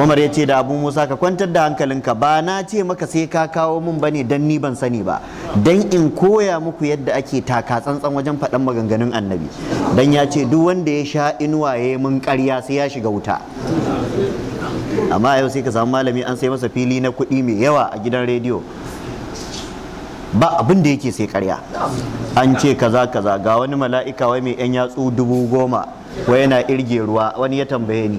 Speaker 1: Umar ya ce da Abu Musa ka kwantar da hankalinka ba na ce maka sai ka kawo mun bane dan ni ban sani ba dan in koya muku yadda ake taka tsantsan wajen faɗan maganganun annabi dan ya ce duk wanda ya sha inuwa ya yi mun ƙarya sai ya shiga wuta amma yau sai ka samu malami an sai masa fili na kuɗi mai yawa a gidan rediyo ba abin da yake sai karya an ce kaza kaza ga wani mala'ika wai mai yan yatsu dubu goma wai yana irge ruwa wani ya tambaye ni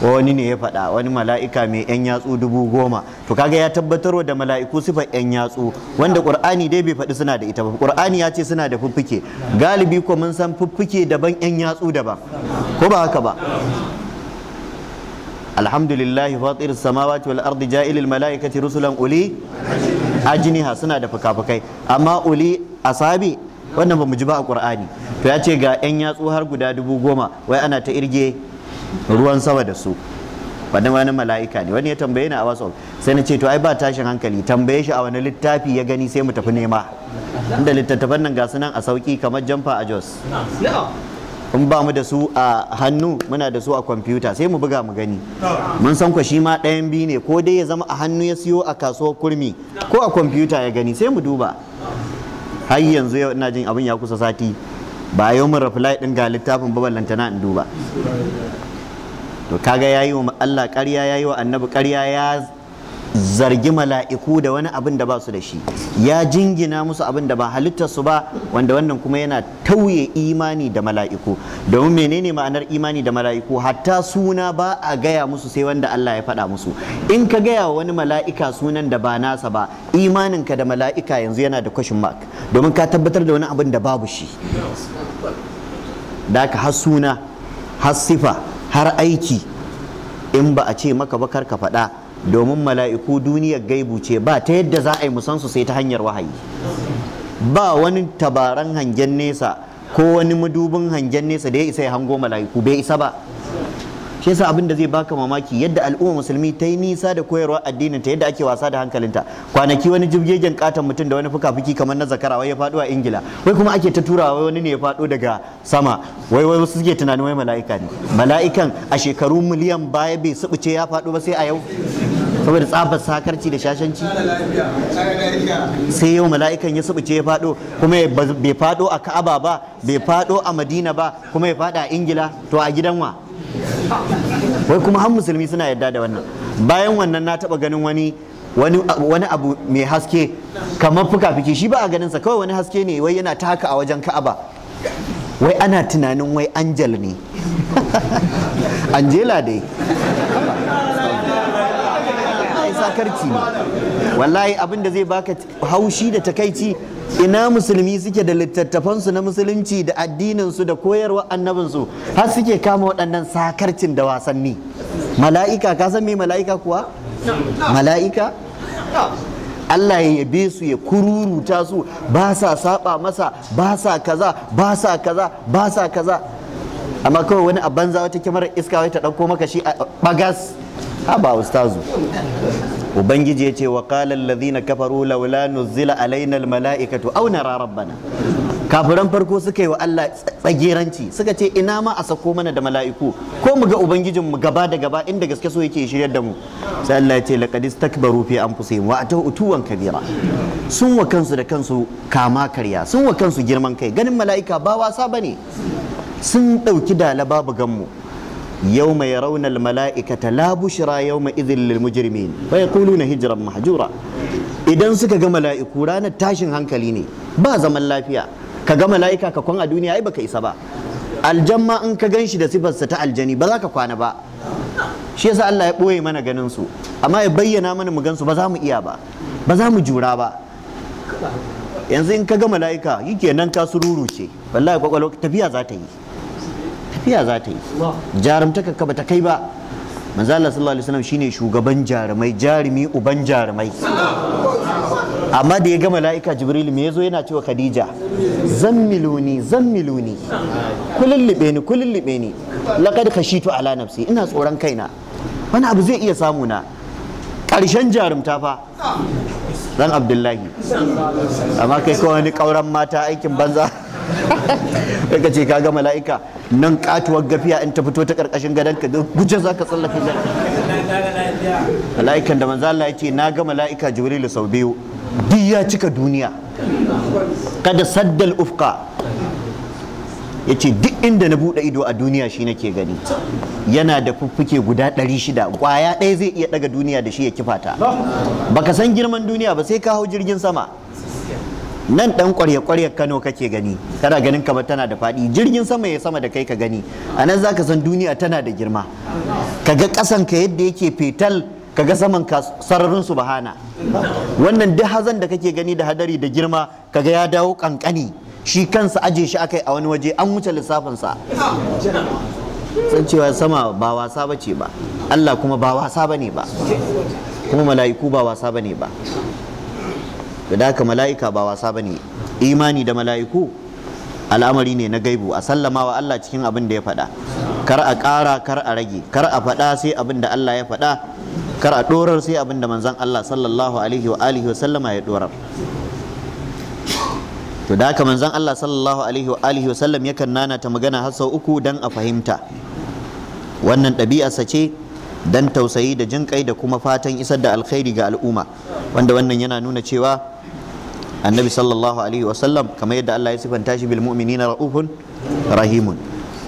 Speaker 1: wani ne ya faɗa wani mala'ika mai yan yatsu dubu goma to kaga ya tabbatar da mala'iku sifar yan yatsu wanda qur'ani dai bai faɗi suna da ita ba qur'ani ya ce suna da fuffuke galibi ko mun san fuffuke daban yan yatsu daban ko ba haka ba alhamdulillah fatir samawati wal ardi ja'ilil mala'ikati rusulan uli ha suna da fuka amma uli asabi wannan ba mu ji ba a qur'ani to ya ce ga yan yatsu har guda dubu goma wai ana ta irge ruwan sama da su wannan wani mala'ika ne wani ya tambaye ni a wasu sai na ce to ai ba tashin hankali tambaye shi a wani littafi ya gani sai mu tafi nema inda littattafan nan ga sunan a sauki kamar jamfa a jos in ba mu da su a hannu muna da su a kwamfuta sai mu buga mu gani mun san ku shi ma ɗayan biyu ne ko dai ya zama a hannu ya siyo a kasuwar kurmi ko a kwamfuta ya gani sai mu duba har yanzu yau ina jin abin ya kusa sati ba yau mun reply din ga littafin ba ballantana in duba to kaga yayi wa Allah ƙarya yayi wa annabi ƙarya ya zargi mala'iku da wani abin da ba su da shi ya jingina musu abin da ba halittarsu ba wanda wannan kuma yana tauye imani da mala'iku domin menene ma'anar imani da mala'iku hatta suna ba a gaya musu sai wanda Allah ya faɗa musu in ka gaya wa wani mala'ika sunan da ba nasa ba imanin ka da mala'ika yanzu yana da question mark domin ka tabbatar da wani abin da babu shi da ka har suna har sifa har aiki in ba a ce maka ba kar ka faɗa domin mala'iku duniyar gaibu ce ba ta yadda za a yi musansu sai ta hanyar wahayi ba wani tabaran hangen nesa ko wani madubin hangen nesa da ya isa ya hango mala'iku bai isa ba shi yasa abin da zai baka mamaki yadda al'umma musulmi ta yi nisa da koyarwa addinin ta yadda ake wasa da hankalinta kwanaki wani jibgegen katon mutum da wani fuka-fuki kamar na zakara wai ya faɗo a ingila wai kuma ake ta turawa wai wani ne ya faɗo daga sama wai wai wasu suke tunanin wai mala'ika ne mala'ikan a shekaru miliyan baya bai subuce ya faɗo ba sai a yau saboda tsabar sakarci da shashanci sai yau mala'ikan ya subuce ya faɗo kuma bai faɗo a ka'aba ba bai faɗo a madina ba kuma ya fada a ingila to a gidan wa wai kuma har musulmi suna yadda da wannan bayan wannan na taba ganin wani wani abu mai haske kamar fuka-fiki shi ba a ganin sa kawai wani haske ne wai yana ta haka a wajen ka'aba wai ana tunanin wai anjal ne Anjela dai
Speaker 2: sakarci ne
Speaker 1: wallahi abin da zai baka haushi da takaici ina musulmi suke da littattafansu na musulunci da addininsu da koyarwa annabinsu har suke kama waɗannan sakarcin da wasanni mala'ika ka san me mala'ika kuwa mala'ika Allah ya yabe su ya kururuta su ba sa saba masa ba sa kaza ba sa kaza ba sa kaza amma kawai wani a banza wata kyamarar iska wai ta ɗauko maka shi a bagas haba ustazu ubangiji yace ce wa qala allazina kafaru laula nuzila alaina almalaikatu aw nara rabbana kafiran farko suka yi wa Allah tsagiranci suka ce ina ma a sako mana da mala'iku ko mu ga ubangijin mu gaba da gaba inda gaske so yake shiryar da mu sai Allah ya ce laqad istakbaru fi anfusihim wa ataw utuwan kabira sun wa kansu da kansu kama karya sun wa kansu girman kai ganin mala'ika ba wasa bane sun dauki dala babu ganmu mu يوم yau الملائكة izin بشرى يومئذ kulu na هجرا mahajura idan suka ga mala'iku ranar tashin hankali ne ba zaman lafiya ka ga mala'ika ka kwan a duniya ai ka isa ba aljamma in ka ganshi da sifarsa ta aljani ba za ka kwana ba shi yasa Allah ya ɓoye mana ganin su amma ya bayyana mana mu gansu ba za mu iya ba ba za mu jura ba yanzu in ka ga mala'ika yake nan ka sururu ce wallahi kwakwalwa tafiya za ta yi tafiya za ta yi jarumtaka ka bata kai ba manzo Allah sallallahu alaihi wasallam shine shugaban jarumai jarumi uban jarumai amma da ya ga mala'ika jibril me yazo yana cewa khadija zammiluni zammiluni kulillibe ni kulillibe ni laqad khashitu ala nafsi ina tsoron kaina wani abu zai iya samu na karshen jarumta fa dan abdullahi amma kai kawai wani kauran mata aikin banza kace ce kaga mala'ika nan katuwar gafiya in ta fito ta karkashin gadon ka don guje za ka tsallaka ka mala'ikan da manzo Allah ya ce na ga mala'ika jibrilu sau biyu duk cika duniya kada saddal ufka ya ce duk inda na buɗe ido a duniya shi nake gani yana da fuffuke guda 600 ƙwaya ɗaya zai iya ɗaga duniya da shi ya kifata baka san girman duniya ba sai ka hau jirgin sama nan dan kwarya kwarya kano kake gani kana ganin kamar tana da faɗi jirgin sama ya sama da kai ka gani a nan za san duniya tana da girma kaga kasan ka yadda yake fetal kaga saman ka sararin subhana wannan duk hazan da kake gani da hadari da girma kaga ya dawo kankani shi kansa aje shi akai a wani waje an wuce lissafinsa san cewa sama ba wasa bace ba Allah kuma ba wasa bane ba kuma mala'iku ba wasa bane ba da haka mala'ika ba wasa ba ne. imani da mala'iku al'amari ne na gaibu a sallama wa Allah cikin abin da ya faɗa kar a ƙara kar a rage kar a faɗa sai abin da Allah ya faɗa kar a ɗorar sai abin da manzon Allah sallallahu alaihi wa alihi wa sallama ya ɗorar to da haka manzon Allah sallallahu alaihi wa alihi wa sallam yakan nana ta magana har sau uku dan a fahimta wannan ɗabi'arsa ce dan tausayi da jin kai da kuma fatan isar da alkhairi ga al'umma wanda wannan yana nuna cewa annabi sallallahu alaihi wasallam kamar yadda Allah ya sifanta shi bil mu'minina raufun rahimun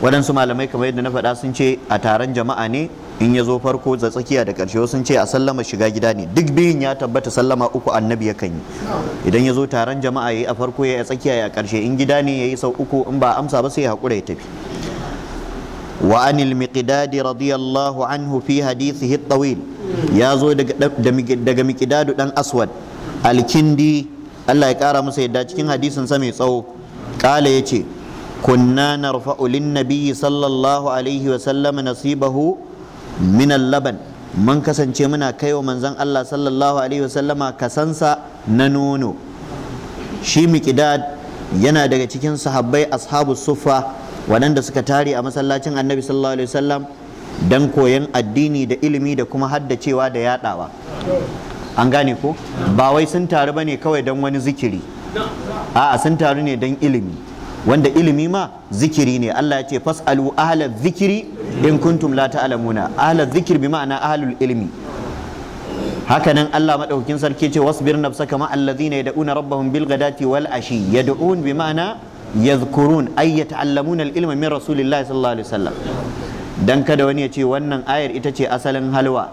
Speaker 1: waɗansu malamai kamar yadda na faɗa sun ce a taron jama'a ne in ya zo farko da tsakiya da ƙarshe sun ce a sallama shiga gida ne duk biyun ya tabbata sallama uku annabi yakan yi idan ya zo taron jama'a yayi a farko yi a tsakiya ya a ƙarshe in gida ne yayi sau uku in ba amsa ba sai ya haƙura ya tafi wa anil miqdadi radiyallahu anhu fi hadithihi at-tawil ya zo daga daga miqdadu dan aswad alkindi Allah ya ƙara masa yadda cikin hadisin sa mai tsawo ya ce, kunna narfa'u lin nabiyyi sallallahu alaihi wa sallam nasibahu min laban mun kasance muna kai wa manzon Allah sallallahu alaihi wa kasansa na nono shi miqdad yana daga cikin sahabbai ashabu suffa waɗanda suka tare a masallacin annabi sallallahu alaihi wasallam don koyon addini da ilimi da kuma haddacewa da yaɗawa. an gane ko ba wai sun taru bane kawai don wani zikiri a'a sun taru ne don ilimi wanda ilimi ma zikiri ne Allah ya ce fasalu ahla zikiri in kuntum la ta'lamuna ahla zikir bi ma'ana ahlul ilmi hakanan Allah madaukakin sarki ce wasbir nafsaka ma alladhina yad'una rabbahum bil ghadati wal ashi yad'un bi ma'ana yadhkurun ay yata'allamuna al ilma min rasulillahi sallallahu alaihi wasallam dan kada wani ya ce wannan ayar ita ce asalin halwa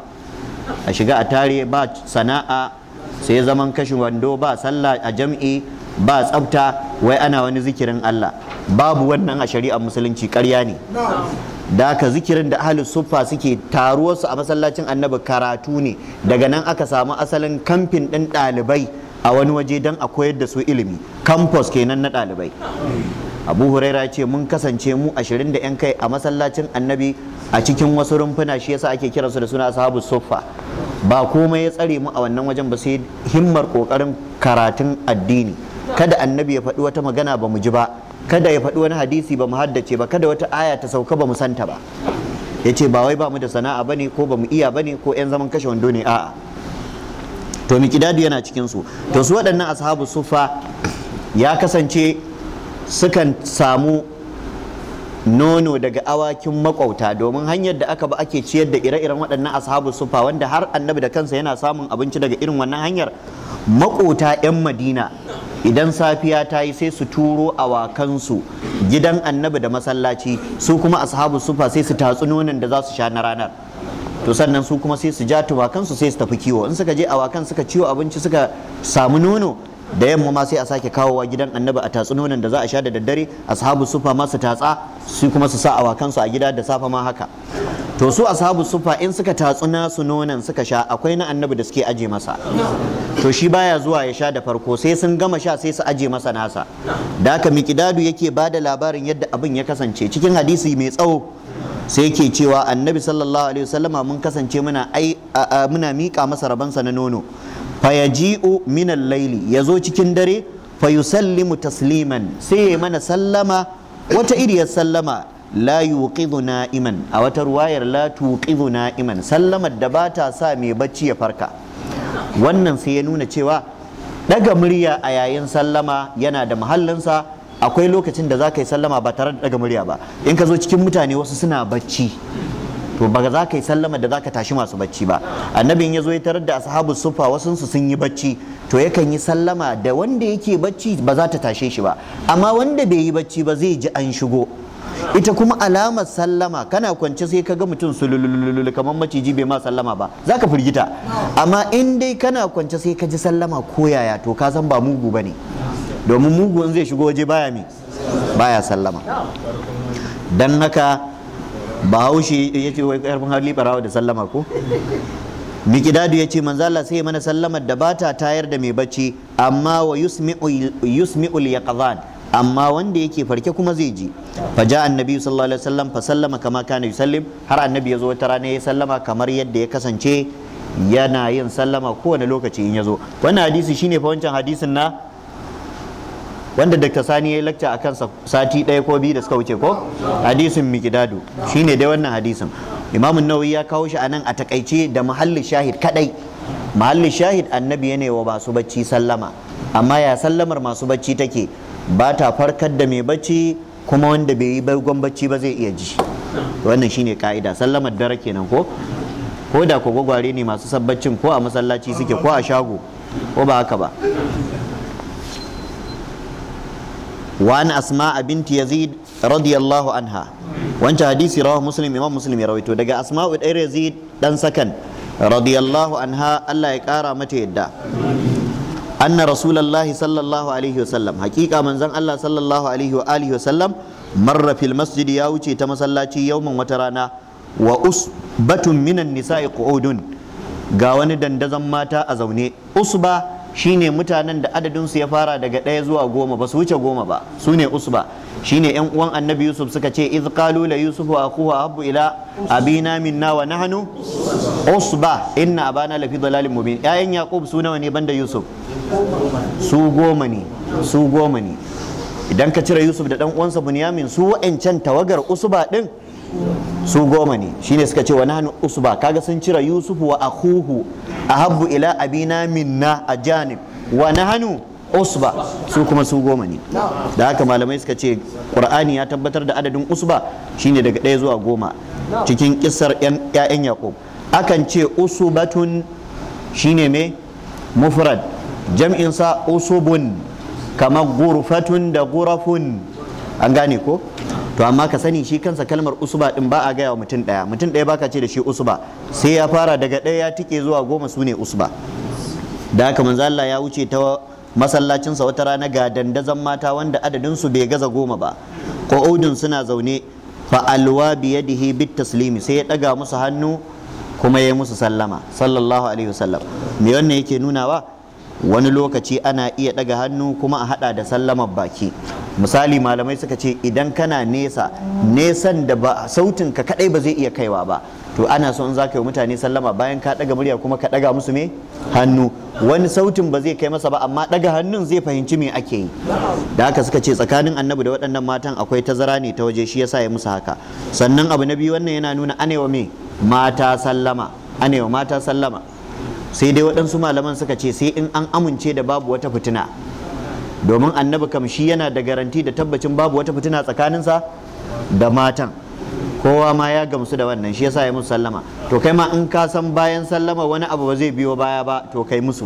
Speaker 1: a shiga a tare ba sana'a sai zaman kashin wando ba sallah a jam'i ba tsafta wai ana wani zikirin Allah babu wannan a shari'ar musulunci karya ne da ka zikirin da ahli suffa suke taruwarsu a masallacin annabi karatu ne daga nan aka samu asalin kamfin ɗin ɗalibai a wani waje don a koyar da su ilimi campus kenan na ɗalibai abu huraira ce mun kasance mu ashirin da 'yan kai a masallacin annabi a cikin wasu rumfuna shi yasa ake kiransu da suna ashabu suffa ba komai ya tsare mu a wannan wajen ba sai himmar kokarin karatun addini kada annabi ya faɗi wata magana ba mu ji ba kada ya faɗi wani hadisi ba mu haddace ba kada wata aya ta sauka ba mu santa ba ya ce ba wai ba mu da sana'a bane ko ba mu iya bane ko 'yan zaman kashe wando ne a'a to mikidadu yana cikin su to su waɗannan ashabu sufa ya kasance sukan samu nono daga awakin makwauta domin hanyar da aka ba ake ciyar da ire-iren waɗannan ashabu sufa wanda har annabi da kansa yana samun abinci daga irin wannan hanyar makwauta 'yan madina idan safiya ta yi sai su turo awakansu gidan annabi da masallaci su kuma ashabu sufa sai su tatsu nonon da za su sha na ranar to sannan su kuma sai su ja tumakansu sai su tafi kiwo in suka je awakan suka ciwo abinci suka samu nono da yamma ma sai a sake kawowa gidan annabi a tatsunonin da za a sha da daddare ashabu sufa ma su tatsa su kuma su sa awakansu a gida da safa ma haka to su ashabu sufa in suka tatsuna su nonan suka sha akwai na annabi da suke aje masa to shi baya zuwa ya sha da farko sai sun gama sha sai su aje masa nasa da haka miqdadu yake ba da labarin yadda abin ya kasance cikin hadisi mai tsawo sai yake cewa annabi sallallahu alaihi wasallama mun kasance muna ai muna mika masa rabansa na nono fayaji'u min al-laili zo cikin dare fayusallimu tasliman sai ya mana sallama wata iriyar sallama la yuqidhu na'iman a wata ruwayar la tuqidhu na'iman sallamar da ba ta sa mai bacci ya farka wannan sai ya nuna cewa daga murya a yayin sallama yana da muhallinsa, akwai lokacin da za ka yi sallama ba tare da daga murya ba in ka zo cikin mutane wasu suna bacci to ba za ka yi sallama da za ka tashi masu bacci ba Annabi ya zo ya tarar da ashabu sufa wasu su sun yi bacci to yakan yi sallama da wanda yake bacci ba za ta tashe shi ba amma wanda bai yi bacci ba zai ji an shigo ita kuma alamar sallama kana kwance sai ka ga mutum sululululu kamar maciji bai ma sallama ba za ka firgita amma in dai kana kwance sai ka ji sallama ko yaya to ka san ba mugu ba ne domin mugu in zai shigo waje baya mi baya sallama don haka bahaushe ya ce wai karfin hali barawa da sallama ko mikidadu ya ce manzo sai mana sallamar da bata tayar da mai bacci amma wa yusmi'ul yaqzan amma wanda yake farke kuma zai ji fa ja annabi sallallahu alaihi wasallam fa sallama kama kana yusallim har annabi yazo wata rana ya sallama kamar yadda ya kasance yana yin sallama kowane lokaci in yazo wannan hadisi shine fa wancan hadisin na wanda Dr. Sani ya yi lakca akan sati ɗaya ko biyu da suka wuce ko hadisin mikidadu ne dai wannan hadisin Imam nawi ya kawo shi a nan a takaice da mahallin shahid kadai mahallin shahid annabi ya wa masu bacci sallama amma ya sallamar masu bacci take ba ta farkar da mai bacci kuma wanda bai yi bargon bacci ba zai iya ji wannan shine ka'ida sallamar dare kenan ko ko da ko gwagware ne masu sabbacin ko a masallaci suke ko a shago ko ba haka ba Wani an asma'a binti yazid radiyallahu anha wancan hadisi rawa muslim imam muslim ya rawaito daga asma'u ɗaya yazid ɗan sakan radiyallahu anha Allah ya kara mata yadda anna rasulullahi sallallahu alaihi wasallam hakika manzon Allah sallallahu alaihi wa alihi wasallam marra fil masjid ya wuce ta masallaci yauman wata rana wa usbatun minan nisa'i qu'udun ga wani dandazon mata a zaune usba Shi ne mutanen da adadinsu ya fara daga ɗaya zuwa goma ba su wuce goma ba su ne usba shine yan uwan annabi yusuf suka ce iz qalu la yusufu akhuhu habbu ila abina minna wa nahnu usba inna abana lafi dalalin mubin ƴaƴan yaqub su nawa ne banda yusuf su goma ne su goma ne idan ka cire yusuf da ɗan'uwansa uwansa bunyamin su wa'ancan tawagar usba din su goma ne Shi ne suka ce wa nahnu usba kaga sun cire yusufu wa akhuhu ahabbu ila abina minna a janib wa nahnu usba su kuma su goma ne da haka malamai suka ce qur'ani ya tabbatar da adadin usba shine daga ɗaya zuwa goma cikin kissar ƴaƴan yaqub akan ce usubatun shine me mufrad jam'in sa usubun kamar gurfatun da gurafun an gane ko to amma ka sani shi kansa kalmar usuba din ba a gaya wa mutum daya mutum daya baka ce da shi usuba sai ya fara daga daya ya tike zuwa goma su ne usuba da haka manzo Allah ya wuce ta masallacinsa wata rana ga dandazan mata wanda adadin su bai gaza goma ba audun suna zaune fa alwa bi yadihi bit taslimi sai ya daga musu hannu kuma ya musu sallama sallallahu alaihi wasallam me wannan yake nunawa wani lokaci ana iya daga hannu kuma a haɗa da sallamar baki misali malamai suka ce idan kana nesa nesan da ba sautin ka kadai ba zai iya kaiwa ba to ana so in za ka yi mutane sallama bayan ka daga murya kuma ka ɗaga musu me hannu wani sautin ba zai kai masa ba amma daga hannun zai fahimci me ake yi da haka suka ce tsakanin annabi da waɗannan matan akwai tazara ne ta waje shi ya sa ya musu haka sannan abu na biyu wannan yana nuna anewa me mata sallama anewa mata sallama sai dai waɗansu malaman suka ce sai in an amince da babu wata fitina domin annabi kam shi yana da garanti da tabbacin babu wata fitina tsakaninsa da matan kowa ma ya gamsu da wannan shi yasa ya musu sallama to kai ma in ka san bayan sallama wani abu ba zai biyo baya ba to kai musu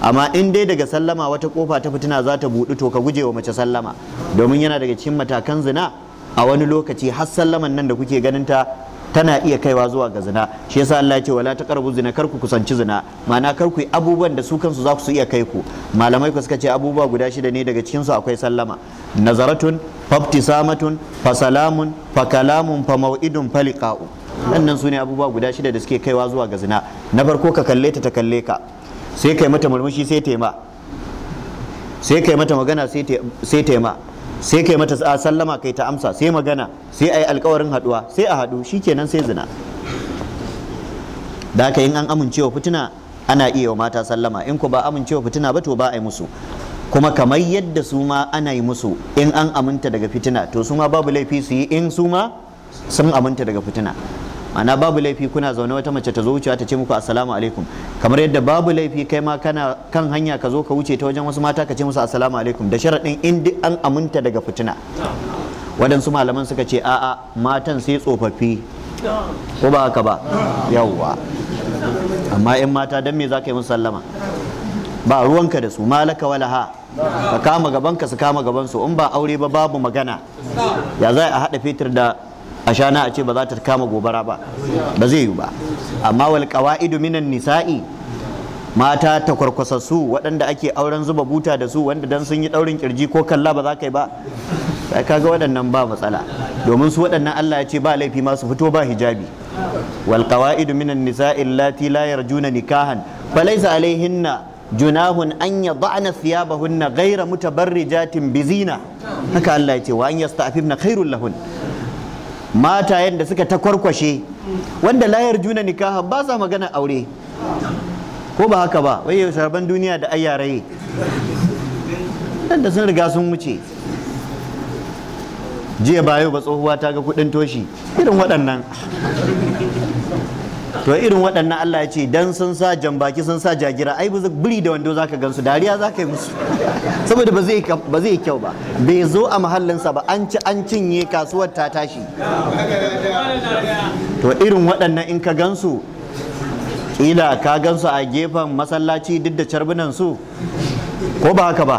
Speaker 1: amma in dai daga sallama wata kofa ta fitina za ta buɗu to ka guje wa mace sallama domin yana daga cikin matakan zina a wani lokaci har sallaman nan da kuke ganin ta tana iya kaiwa zuwa ga zina shi yasa Allah ya ce wala ta karbu zina kar ku kusanci zina mana kar ku abubuwan da su kansu za su iya kai ku malamai ku suka ce abubuwa guda shida ne daga cikin su akwai sallama nazaratun fabtisamatun fasalamun fakalamun famau'idun faliqa'u wannan su ne abubuwa guda shida da suke kaiwa zuwa ga zina na farko ka kalle ta ta kalle ka sai kai mata murmushi sai tema sai kai mata magana sai tema sai kai mata sallama kai ta amsa sai magana sai a yi alkawarin haduwa sai a hadu shikenan sai zina da haka in an amincewa fitina ana iya wa mata sallama in ku ba amincewa fitina ba to ba a yi musu kuma kamar yadda su ma ana yi musu in an aminta daga fitina to su ma babu laifi su yi in su ma sun aminta daga fitina Ana babu laifi kuna zaune wata mace ta zo wucewa ta ce muku assalamu alaikum kamar yadda babu laifi kai ma kana kan hanya ka zo ka wuce ta wajen wasu mata ka ce musu assalamu alaikum da sharaɗin in duk an aminta daga fitina waɗansu malaman suka ce a'a matan sai tsofaffi ko ba haka ba yawwa amma 'yan mata dan me za ka yi musu sallama ba ruwanka da su malaka wala ha ka kama gabanka su kama gabansu in ba aure ba babu magana ya za a haɗa fetur da a shana a ce ba za ta kama gobara ba ba zai yi ba amma wal qawaidu minan nisa'i mata ta kwarkwasassu waɗanda ake auren zuba buta da su wanda dan sun yi ɗaurin kirji ko kalla ba za ka yi ba sai kaga waɗannan ba matsala domin su waɗannan Allah ya ce ba laifi ma su fito ba hijabi wal qawaidu minan nisa'i allati la yarjuna nikahan falaysa alaihinna junahun an yad'ana thiyabahunna ghayra mutabarrijatin bizina haka Allah ya ce wa an yasta'fifna khairul lahun matayen da suka ta kwarkwashe, wanda layar juna nikahan ba sa magana aure ko ba haka ba wai sarban duniya da ayyaraye da sun riga sun wuce jiya bayo ba tsohuwa ta ga kudin toshi irin waɗannan to irin waɗannan Allah ya ce dan sun sa jambaki sun sa jagira ai buri da wando zaka gansu dariya zaka yi musu saboda ba zai ba zai kyau ba bai zo a mahallinsa ba an ci an cinye kasuwar ta tashi to irin waɗannan in ka gansu kila ka gansu a gefen masallaci duk da carbunan su ko ba haka ba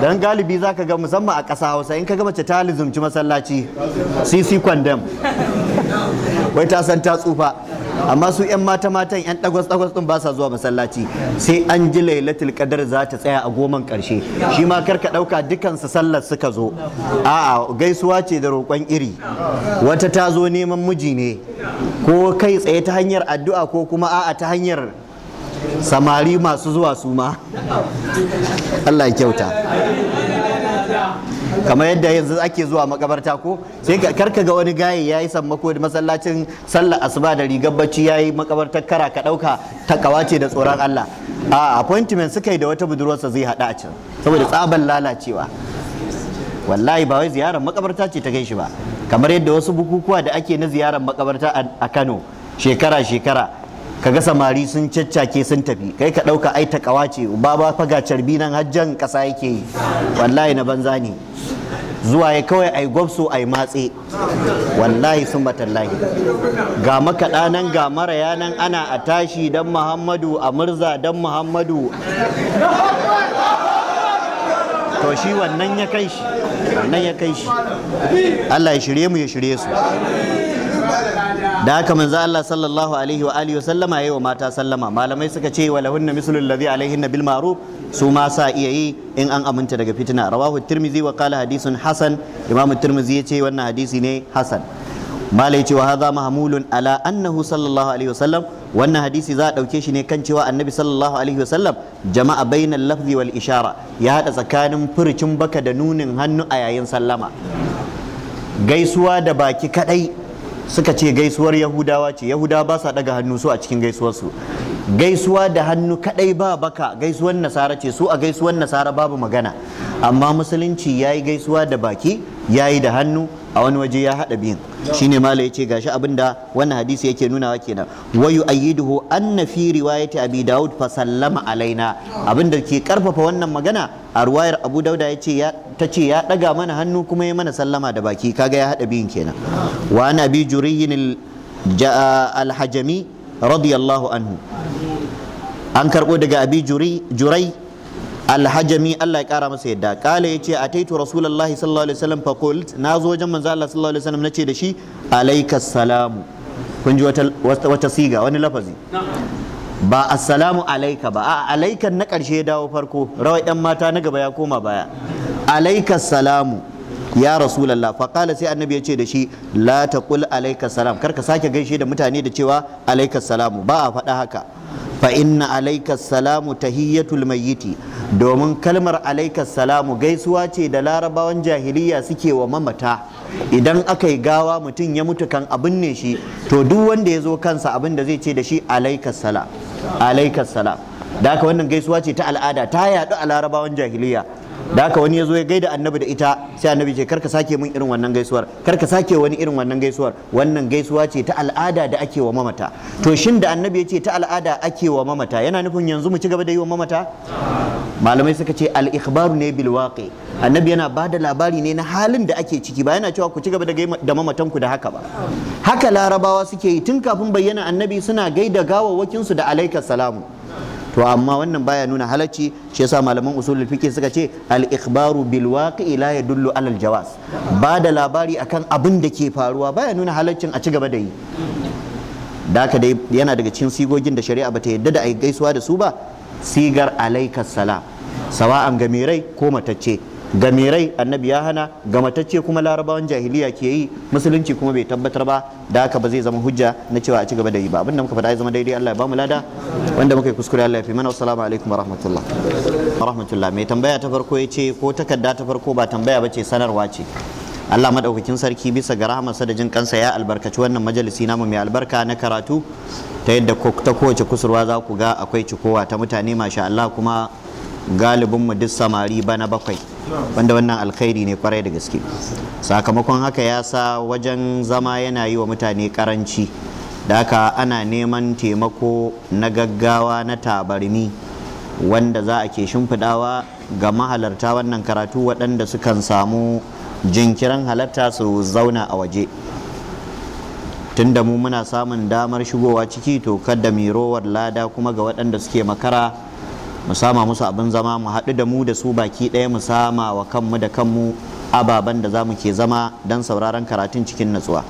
Speaker 1: dan galibi zaka ga musamman a ƙasa Hausa in ka ga mace ta lizumci masallaci sisi kwandam wai ta san ta tsufa amma su 'yan mata matan 'yan dagwas dagwas din ba sa zuwa masallaci sai an ji lailatul qadar za ta tsaya a goman karshe shi ma kar ka dauka dukan su sallar suka zo a'a gaisuwa ce da roƙon iri wata ta zo neman miji ne ko kai tsaye ta hanyar addu'a ko kuma a'a ta hanyar samari masu zuwa su ma Allah ya kyauta kamar yadda yanzu ake zuwa makabarta ko sai karka ga wani gaye ya yi sammako da masallacin sallar asuba da rigar bacci ya yi makabartar kara ka ɗauka ta kawace da tsoron Allah a appointment suka yi da wata budurwarsa zai haɗa a can saboda tsaban lalacewa wallahi ba wai ziyarar makabarta ce ta kai shi ba kamar yadda wasu bukukuwa da ake na ziyarar makabarta a Kano shekara shekara kaga samari sun caccake sun tafi kai ka ɗauka ai ta kawace ba ba faga carbi nan hajjan ƙasa yake yi wallahi na banza ne zuwa ya kawai ai gwabso ai matse wallahi sun batallahi ga makaɗa nan ga maraya nan ana a tashi dan muhammadu a murza dan muhammadu to shi wannan ya kai shi wannan ya kai shi Allah ya shirye mu ya shirye su da haka manzo Allah sallallahu alaihi wa alihi sallama yayi wa mata sallama malamai suka ce wa lahunna mislul ladhi alaihinna bil ma'ruf su ma sa iya yi in an aminta daga fitina rawahu tirmizi wa qala hadisun hasan imam tirmizi yace wannan hadisi ne hasan malai ce wa hadha mahmulun ala annahu sallallahu alaihi wasallam wannan hadisi za a dauke shi ne kan cewa annabi sallallahu alaihi wasallam jama'a bainal lafzi wal ishara ya hada tsakanin furucin baka da nunin hannu a yayin sallama gaisuwa da baki kadai suka ce gaisuwar yahudawa ce yahudawa ba sa daga hannu su a cikin gaisuwarsu gaisuwa da hannu kadai ba baka gaisuwar nasara ce su a gaisuwar nasara babu magana amma musulunci ya yi gaisuwa da baki ya yi da hannu a wani waje ya hada biyun shine mala ce, gashi abinda wannan hadisi yake nunawa kenan wa yu'ayyiduhu anna fi riwayati abi daud fa sallama alaina abinda ke karfafa wannan magana a ruwayar abu dauda yace ya tace ya daga mana hannu kuma ya mana sallama da baki kaga ya hada biyun kenan wa na bi juriyyin al radiyallahu anhu an karbo daga abi jurai alhajami Allah ya kara masa yadda kala a taito rasulallahi sallallahu alaihi wasallam na zo wajen manzo Allah sallallahu alaihi wasallam nace da shi alayka salamu kun ji wata siga wani lafazi ba assalamu alaika ba a alaikan na karshe dawo farko rawai dan mata na gaba ya koma baya alaika salamu ya rasulallah faqala sai annabi ya ce da shi la taqul alaika salam karka sake gaishe da mutane da cewa alaika salamu ba a faɗa haka fa inna alaika salamu tahiyyatul mayyiti domin kalmar alaika salamu gaisuwa ce da larabawan jahiliya suke wa mamata idan aka yi gawa mutum ya mutu kan abin ne shi to duk wanda ya zo kansa abin da zai ce da shi alaika salam alaika salam da haka wannan gaisuwa ce ta al'ada ta yadu a larabawan jahiliya da haka wani ya zo ya gaida annabi da ita sai annabi ce karka sake min irin wannan gaisuwar karka sake wani irin wannan gaisuwar wannan gaisuwa ce ta al'ada da ake wa mamata to shin da annabi ya ce ta al'ada ake wa mamata yana nufin yanzu mu ci gaba da yi wa mamata malamai suka ce al-ikhbaru ne bil waqi annabi yana ba da labari ne na halin da ake ciki ba yana cewa ku ci gaba da mamatan ku da haka ba haka larabawa suke yi tun kafin bayyana annabi suna gaida gawawakin su da alaikas salamu to amma wannan baya nuna halacci shi yasa malaman usulul fiqh suka ce al ikhbaru bil waqi la yadullu ala al jawaz ba da labari akan abin da ke faruwa baya nuna halaccin a ci gaba da yi daka dai yana daga cikin sigogin da shari'a bata yadda da ai gaisuwa da su ba sigar alaikas salam sawa'an ga ko matacce ga mirai annabi ya hana ga matacce kuma larabawan jahiliya ke yi musulunci kuma bai tabbatar ba da haka ba zai zama hujja na cewa a ci gaba da yi ba abinda muka faɗa ya zama daidai Allah ya bamu lada wanda muka yi kuskure Allah ya fi mana assalamu alaikum wa rahmatullah wa rahmatullah mai tambaya ta farko ya ce ko takarda ta farko ba tambaya ba ce sanarwa ce Allah madaukakin sarki bisa ga rahamarsa da jin kansa ya albarkaci wannan majalisi namu mai albarka na karatu ta yadda ta kowace kusurwa za ku ga akwai cikowa ta mutane masha Allah kuma galibinmu duk samari bana bakwai wanda wannan alkhairi ne kwarai da gaske sakamakon haka ya sa wajen zama yana yi wa mutane karanci da haka ana neman taimako na gaggawa na tabarmi wanda za a ke shimfidawa ga mahalarta wannan karatu waɗanda sukan samu jinkirin halarta su zauna a waje tunda mu muna samun damar shigowa ciki to kada mirowar lada kuma ga waɗanda suke makara mu sama musu abin zama mu haɗu da mu da su baki ɗaya mu sama wa kanmu da kanmu ababen da za mu ke zama don sauraron karatun cikin natsuwa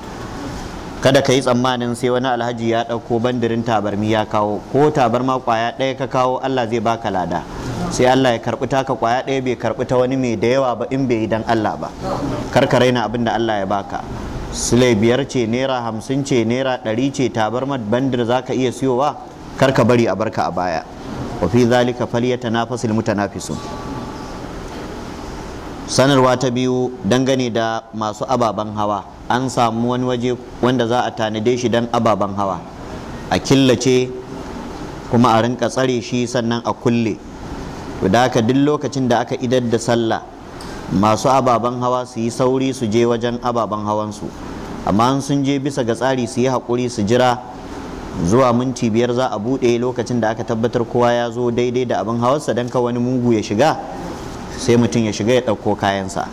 Speaker 1: kada ka yi tsammanin sai wani alhaji ya ɗauko bandirin tabarmi ya kawo ko tabarma kwaya ɗaya ka kawo allah zai baka lada sai allah ya karɓi taka kwaya ɗaya bai karɓi ta wani mai da yawa ba in bai yi don allah ba kar ka raina abin da allah ya baka sule biyar ce naira hamsin ce naira ɗari ce tabarmar bandir za ka iya siyowa kar ka bari a barka a baya wa fi zalika falyatanafasul mutanafisun sanarwa ta biyu dangane da masu ababen hawa an samu wani waje wanda za a tanade shi don ababen hawa a killace kuma a rinka tsare shi sannan a kulle to da aka duk lokacin da aka idar da sallah masu ababen hawa su yi sauri su je wajen ababen hawansu amma sun je bisa ga tsari su yi haƙuri su jira zuwa minti biyar za a buɗe lokacin da aka tabbatar kowa ya zo daidai da abin hawarsa don ka wani mugu ya shiga sai mutum ya shiga ya ɗauko kayansa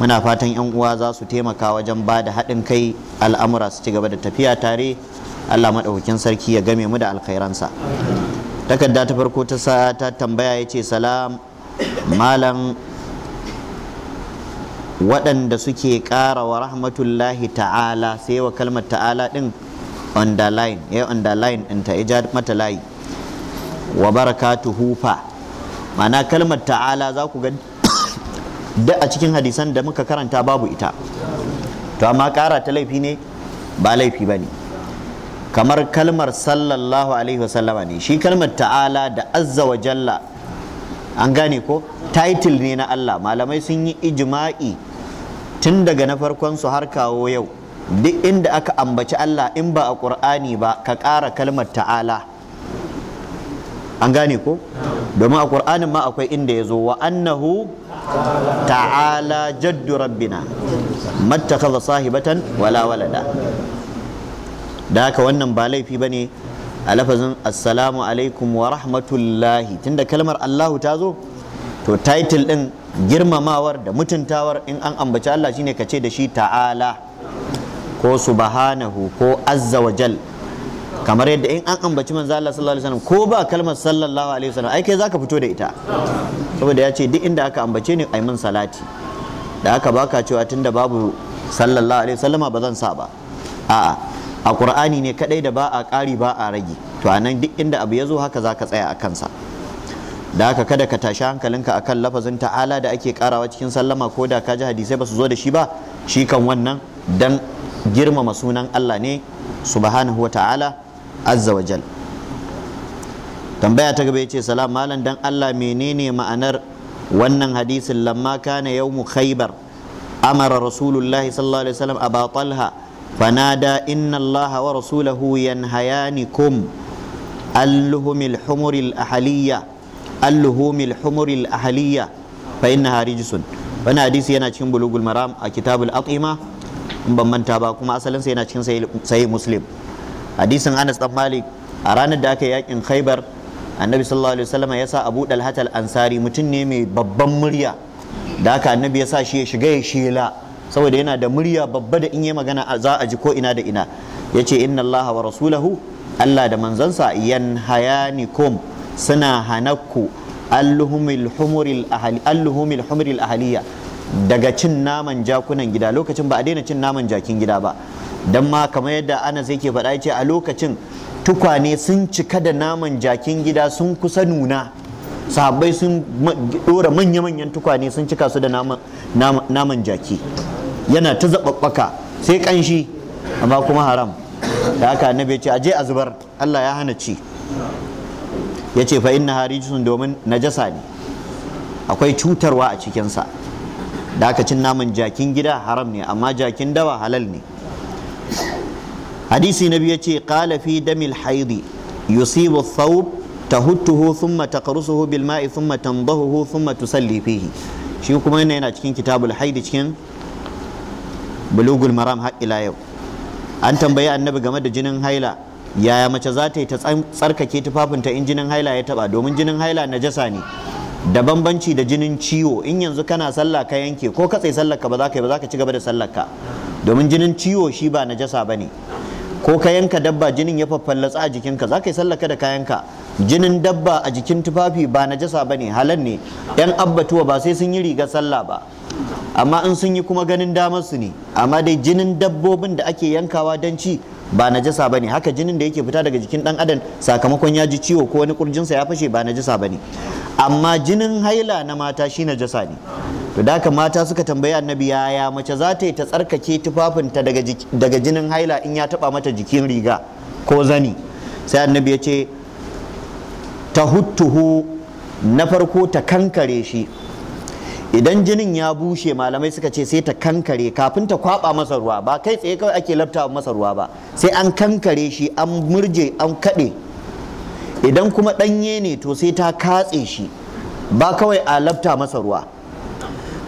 Speaker 1: muna fatan 'yan uwa za su taimaka wajen ba da haɗin kai al'amura su ci gaba da tafiya tare allah maɗaukakin sarki ya game mu da alkhairansa takarda ta farko ta sa ta tambaya ya ce salam malam waɗanda suke ƙara wa rahmatullahi ta'ala sai wa kalmar ta'ala ɗin underline ya eh, underline ɗinta ya ja mata layi wa barakatuhu fa ma'ana kalmar ta'ala za ku ga duk a cikin hadisan da muka karanta babu ita to amma ƙara ta laifi ne ba laifi ba ne kamar kalmar sallallahu alaihi wasallama ne shi kalmar ta'ala da azza wa jalla an gane ko title ne na Allah malamai sun yi ijma'i tun daga na farkon su har kawo yau duk inda aka ambaci Allah in ba a ƙur'ani ba ka ƙara kalmar ta'ala an gane ko domin a ƙur'anin ma akwai inda ya zo wa annahu ta'ala jaddu rabbina mattakaza sahibatan wala walada da haka wannan ba laifi ba ne? a lafazin assalamu alaikum wa rahmatullahi tunda kalmar Allahu ta zo to title din girmamawar da mutuntawar in an ambaci Allah shine ka ce da shi ta'ala ko subhanahu ko azza wa jal kamar yadda in an ambaci manzo Allah sallallahu alaihi wasallam ko ba kalmar sallallahu alaihi wasallam ai kai zaka fito da ita saboda ya ce duk inda aka ambace ni ai mun salati da aka baka cewa tunda babu sallallahu alaihi wasallama ba zan sa ba a'a a qur'ani ne kadai da ba a ƙari ba a rage to anan duk inda abu ya zo haka zaka tsaya a kansa da haka kada ka tashi hankalinka akan lafazin ta'ala da ake karawa cikin sallama ko da ka ji hadisai ba su zo da shi ba shi kan wannan dan girmama sunan Allah ne subhanahu wa ta'ala azza jal tambaya ta gaba yace salam malam dan Allah menene ma'anar wannan hadisin lamma kana yawmu khaybar amara rasulullahi sallallahu alaihi wasallam aba talha fanada inna Allah wa rasulahu yanhayanikum اللهم الحمر الأهلية اللهم الحمر الأهلية فإنها hadisi yana cikin bulugul maram a kitabul الأطعمة in ban manta ba kuma asalinsa yana cikin sahih muslim hadisin anas dan malik a ranar da aka yakin khaibar annabi sallallahu alaihi wasallam ya sa abu dalhatal ansari mutum ne mai babban murya da aka annabi ya sa shi ya shiga ya shela saboda yana da murya babba da in yi magana za a ji ko ina da ina yace inna allaha wa rasulahu allah da manzansa kum suna hanakku alluhumil humuril ahaliya daga cin naman jakunan gida lokacin ba a daina cin naman jakin gida ba don ma kamar yadda anas ke faɗa ce a lokacin tukwane sun cika da naman jakin gida sun kusa nuna sahabbai sun ɗora manya-manyan tukwane sun cika su da naman jaki yana ta zaɓaɓɓaka sai ƙanshi amma kuma haram da haka annabi ce aje a zubar Allah ya hana ci ya ce fa inna harijisun domin najasa ne akwai cutarwa a cikinsa da aka cin naman jakin gida haram ne amma jakin dawa halal ne hadisi na biyu ce qala fi damil haidi yusibu thawb tahuttuhu thumma taqrusuhu bil ma'i thumma tandahuhu thumma tusalli fihi shi kuma yana yana cikin kitabul haidi cikin bulugul maram har ila yau an tambayi annabi game da jinin haila yaya mace za ta yi ta tsarkake tufafinta in jinin haila ya taba domin jinin haila najasa ne da bambanci da jinin ciwo in yanzu kana sallah ka yanke ko ka tsaye sallar ka ba za ka yi ba za ka ci gaba da sallar ka domin jinin ciwo shi ba jasa ba ne ko ka yanka dabba jinin ya faffallatsa a jikinka za ka yi sallar ka da kayanka jinin dabba a jikin tufafi ba jasa ba ne halan ne yan abbatuwa ba sai sun yi rigar sallah ba amma in sun yi kuma ganin damar su ne amma dai jinin dabbobin da ake yankawa don ci ba na najasa ne. haka jinin da yake fita daga jikin dan adam sakamakon ya ji ciwo ko wani kurjinsa ya fashe ba najasa ne. amma jinin haila na mata shi na jasa ne to da mata suka tambayi annabi yaya mace za ta yi ta tsarkake tufafinta daga jinin haila in ya taba mata jikin riga ko zani sai annabi ya ce ta huttuhu na farko ta kankare shi idan jinin ya bushe malamai suka ce sai ta kankare kafin ta kwaba masa ruwa ba kai tsaye kawai ake lafta masa ruwa ba sai an kankare shi an murje an kaɗe idan kuma ɗanye ne to sai ta katse shi ba kawai a lafta masa ruwa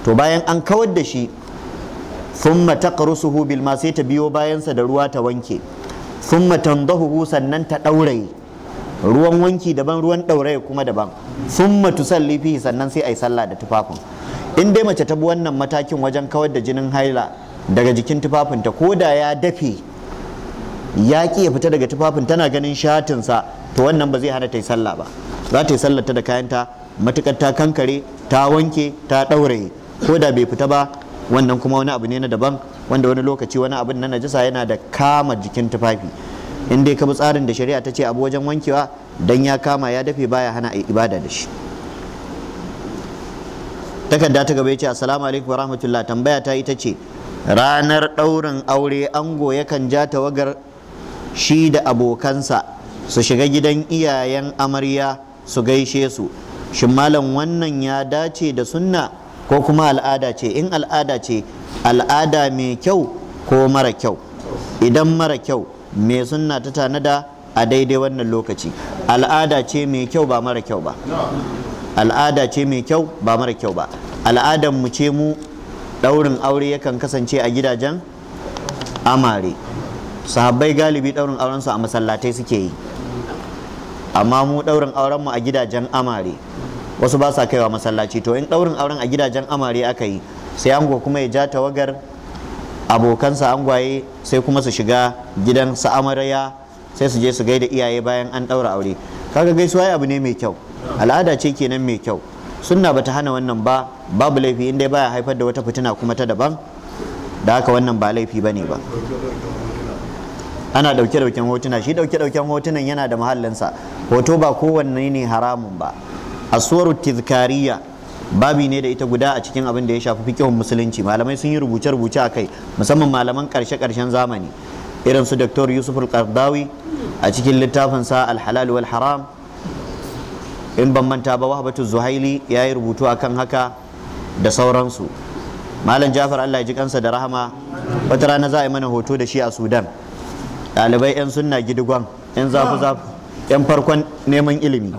Speaker 1: to bayan an kawar da shi thumma taqrusuhu bil ma sai ta biyo bayansa da ruwa ta wanke thumma tandahu sannan ta ɗauraye ruwan wanki daban ruwan ɗauraye kuma daban thumma tusalli fihi sannan sai ayi sallah da tufafin in dai mace ta bi wannan matakin wajen kawar da jinin haila daga jikin tufafinta ko da ya dafe ya ki ya fita daga tufafin tana ganin shatinsa to wannan ba zai hana ta yi sallah ba za ta yi sallah ta da kayanta matukar ta kankare ta wanke ta ɗauraye ko da bai fita ba wannan kuma wani abu ne na daban wanda wani lokaci wani abin na najasa yana da kama jikin tufafi in dai ka bi tsarin da shari'a ta ce abu wajen wankewa dan ya kama ya dafe baya hana a ibada da shi takarda ta gaba ya ce assalamu alaikum wa rahmatullah tambaya ta ita ce ranar ɗaurin aure ango yakan ja tawagar shi da abokansa su shiga gidan iyayen amarya su gaishe su shin malam wannan ya dace da sunna ko kuma al'ada ce in al'ada ce al'ada mai kyau ko mara kyau idan mara kyau mai sunna ta tanada a daidai wannan lokaci al'ada ce mai kyau ba mara kyau ba al'ada ce mai kyau ba mara kyau ba al'adan mu ce mu daurin aure yakan kasance a gidajen amare sahabbai galibi daurin aurensu a masallatai suke yi amma mu ɗaurin auren mu a gidajen amare wasu ba sa kaiwa masallaci to in ɗaurin auren a gidajen amare aka yi sai ango kuma ya ja tawagar abokansa angwaye sai kuma su shiga gidan su amarya sai su je su gaida iyaye bayan an ɗaura aure kaga gaisuwa abu ne mai kyau al'ada ce kenan mai kyau sunna bata hana wannan ba babu laifi inda baya haifar da wata fitina kuma ta daban da haka wannan ba laifi bane ba ana ɗauke ɗauken hotuna shi ɗauke ɗauken hotunan yana da mahallinsa hoto ba kowanne ne haramun ba suwar tizkariya babi ne da ita guda a cikin abin da ya shafi fikihun musulunci malamai sun yi rubuce rubuce a kai musamman malaman karshe karshen zamani irin su dr yusuf al-qardawi a cikin littafin sa al wal haram in ban manta ba wahbatu zuhaili ya yi rubutu akan haka da sauransu malam jafar allah ji kansa da rahama wata rana za a yi mana hoto da shi a sudan ɗalibai 'yan sunna gidigon 'yan zafi-zafi ah. 'yan farkon neman ilimi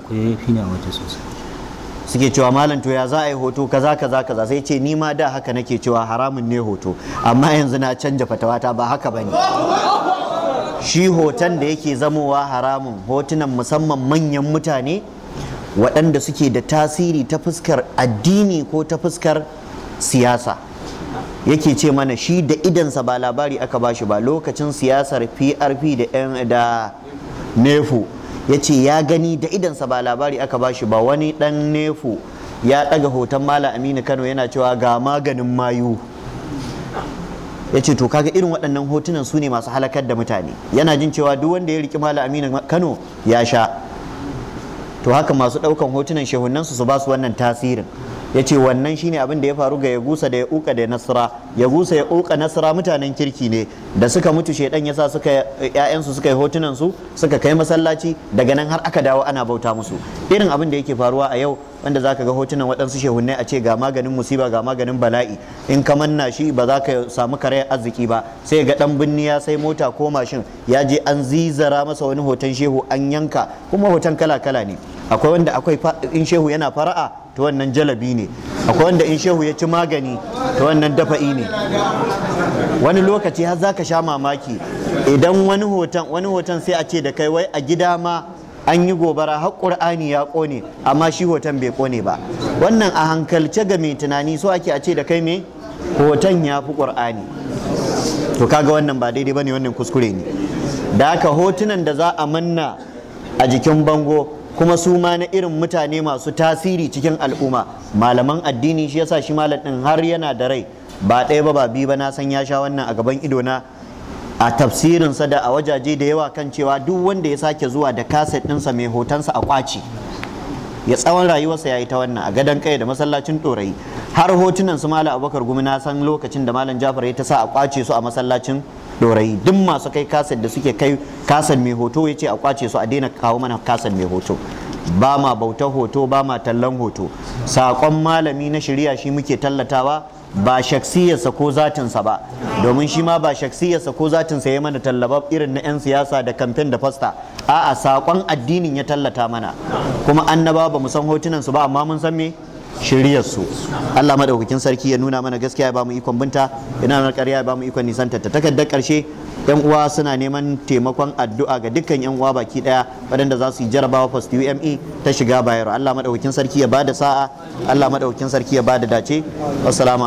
Speaker 1: suke cewa malam to ya za a yi hoto kaza kaza kaza sai ce ni ma da haka nake cewa haramun ne hoto amma yanzu na canja fatawata ba haka bane shi hoton da yake zamowa haramun hotunan musamman manyan mutane waɗanda suke da tasiri ta fuskar addini ko ta fuskar siyasa yake ce mana shi da idansa ba labari aka bashi ba lokacin siyasar PRP da da nefo ya ce ya gani da idansa ba labari aka bashi ba wani dan nefo ya ɗaga hoton mala aminu kano yana cewa ga maganin mayu yace ce to kaga irin waɗannan hotunan su ne masu halakar da mutane yana jin cewa duk wanda ya riki mala aminu kano ya sha to haka masu ɗaukan hotunan shehunansu su ba su wannan tasirin ya ce wannan shine abin da ya faru ga yagusa da ya uka da nasra yagusa ya uka nasra mutanen kirki ne da suka mutu shedan yasa suka ya'yansu suka yi hotunan su suka kai masallaci daga nan har aka dawo ana bauta musu irin abin da yake faruwa a yau wanda zaka ga hotunan waɗansu shehunnai a ce ga maganin musiba ga maganin bala'i in ka manna shi ba za ka samu kare arziki ba sai ga dan binni ya sai mota ko mashin ya je an zizara masa wani hoton shehu an yanka kuma hoton kala kala ne akwai wanda akwai in shehu yana fara'a Ta wannan jalabi ne akwai wanda in shehu ya ci magani Ta wannan dafa'i ne wani lokaci har za ka sha mamaki idan wani hoton wani hoton sai a ce da kai wai a gida ma an yi gobara har ƙur'ani ya ƙone amma shi hoton bai ƙone ba wannan a hankalce ga mai tunani so ake a ce da kai me hoton ya fi ƙur'ani to kaga wannan ba daidai bane wannan kuskure ne da haka hotunan da za a manna a jikin bango kuma su ma na irin mutane masu tasiri cikin al'umma malaman addini shi yasa shi malam din har yana da rai ba ɗaya ba ba biyu ba na san ya sha wannan a gaban ido na a tafsirinsa da a wajaje da yawa kan cewa duk wanda ya sake zuwa da kaset ɗinsa mai hotonsa a kwaci ya tsawon rayuwarsa ya yi ta wannan a gadon kai da masallacin ɗorayi har hotunan su malam abubakar gumi na san lokacin da malam jafar ya ta sa a kwace su a masallacin dorayi duk masu kai kaset da suke kai kaset mai hoto ya ce a kwace su a daina kawo mana kasar mai hoto ba ma bautar hoto ba ma tallan hoto saƙon malami na shirya shi muke tallatawa ba shaksiyarsa ko zatinsa ba domin shi ma ba shaksiyarsa ko zatinsa ya mana tallaba irin na 'yan siyasa da kamfen da fasta a'a saƙon addinin ya tallata mana kuma annaba ba mu san hotunan su ba amma mun san me shiryar su Allah madaukakin sarki ya nuna mana gaskiya ya bamu ikon binta ina na ƙarya ya bamu ikon nisanta ta takardar ƙarshe yan uwa suna neman taimakon addu'a ga dukkan yan uwa baki daya waɗanda za su yi jarabawa fast UME ta shiga bayar Allah madaukakin sarki ya bada sa'a Allah madaukakin sarki ya bada dace assalamu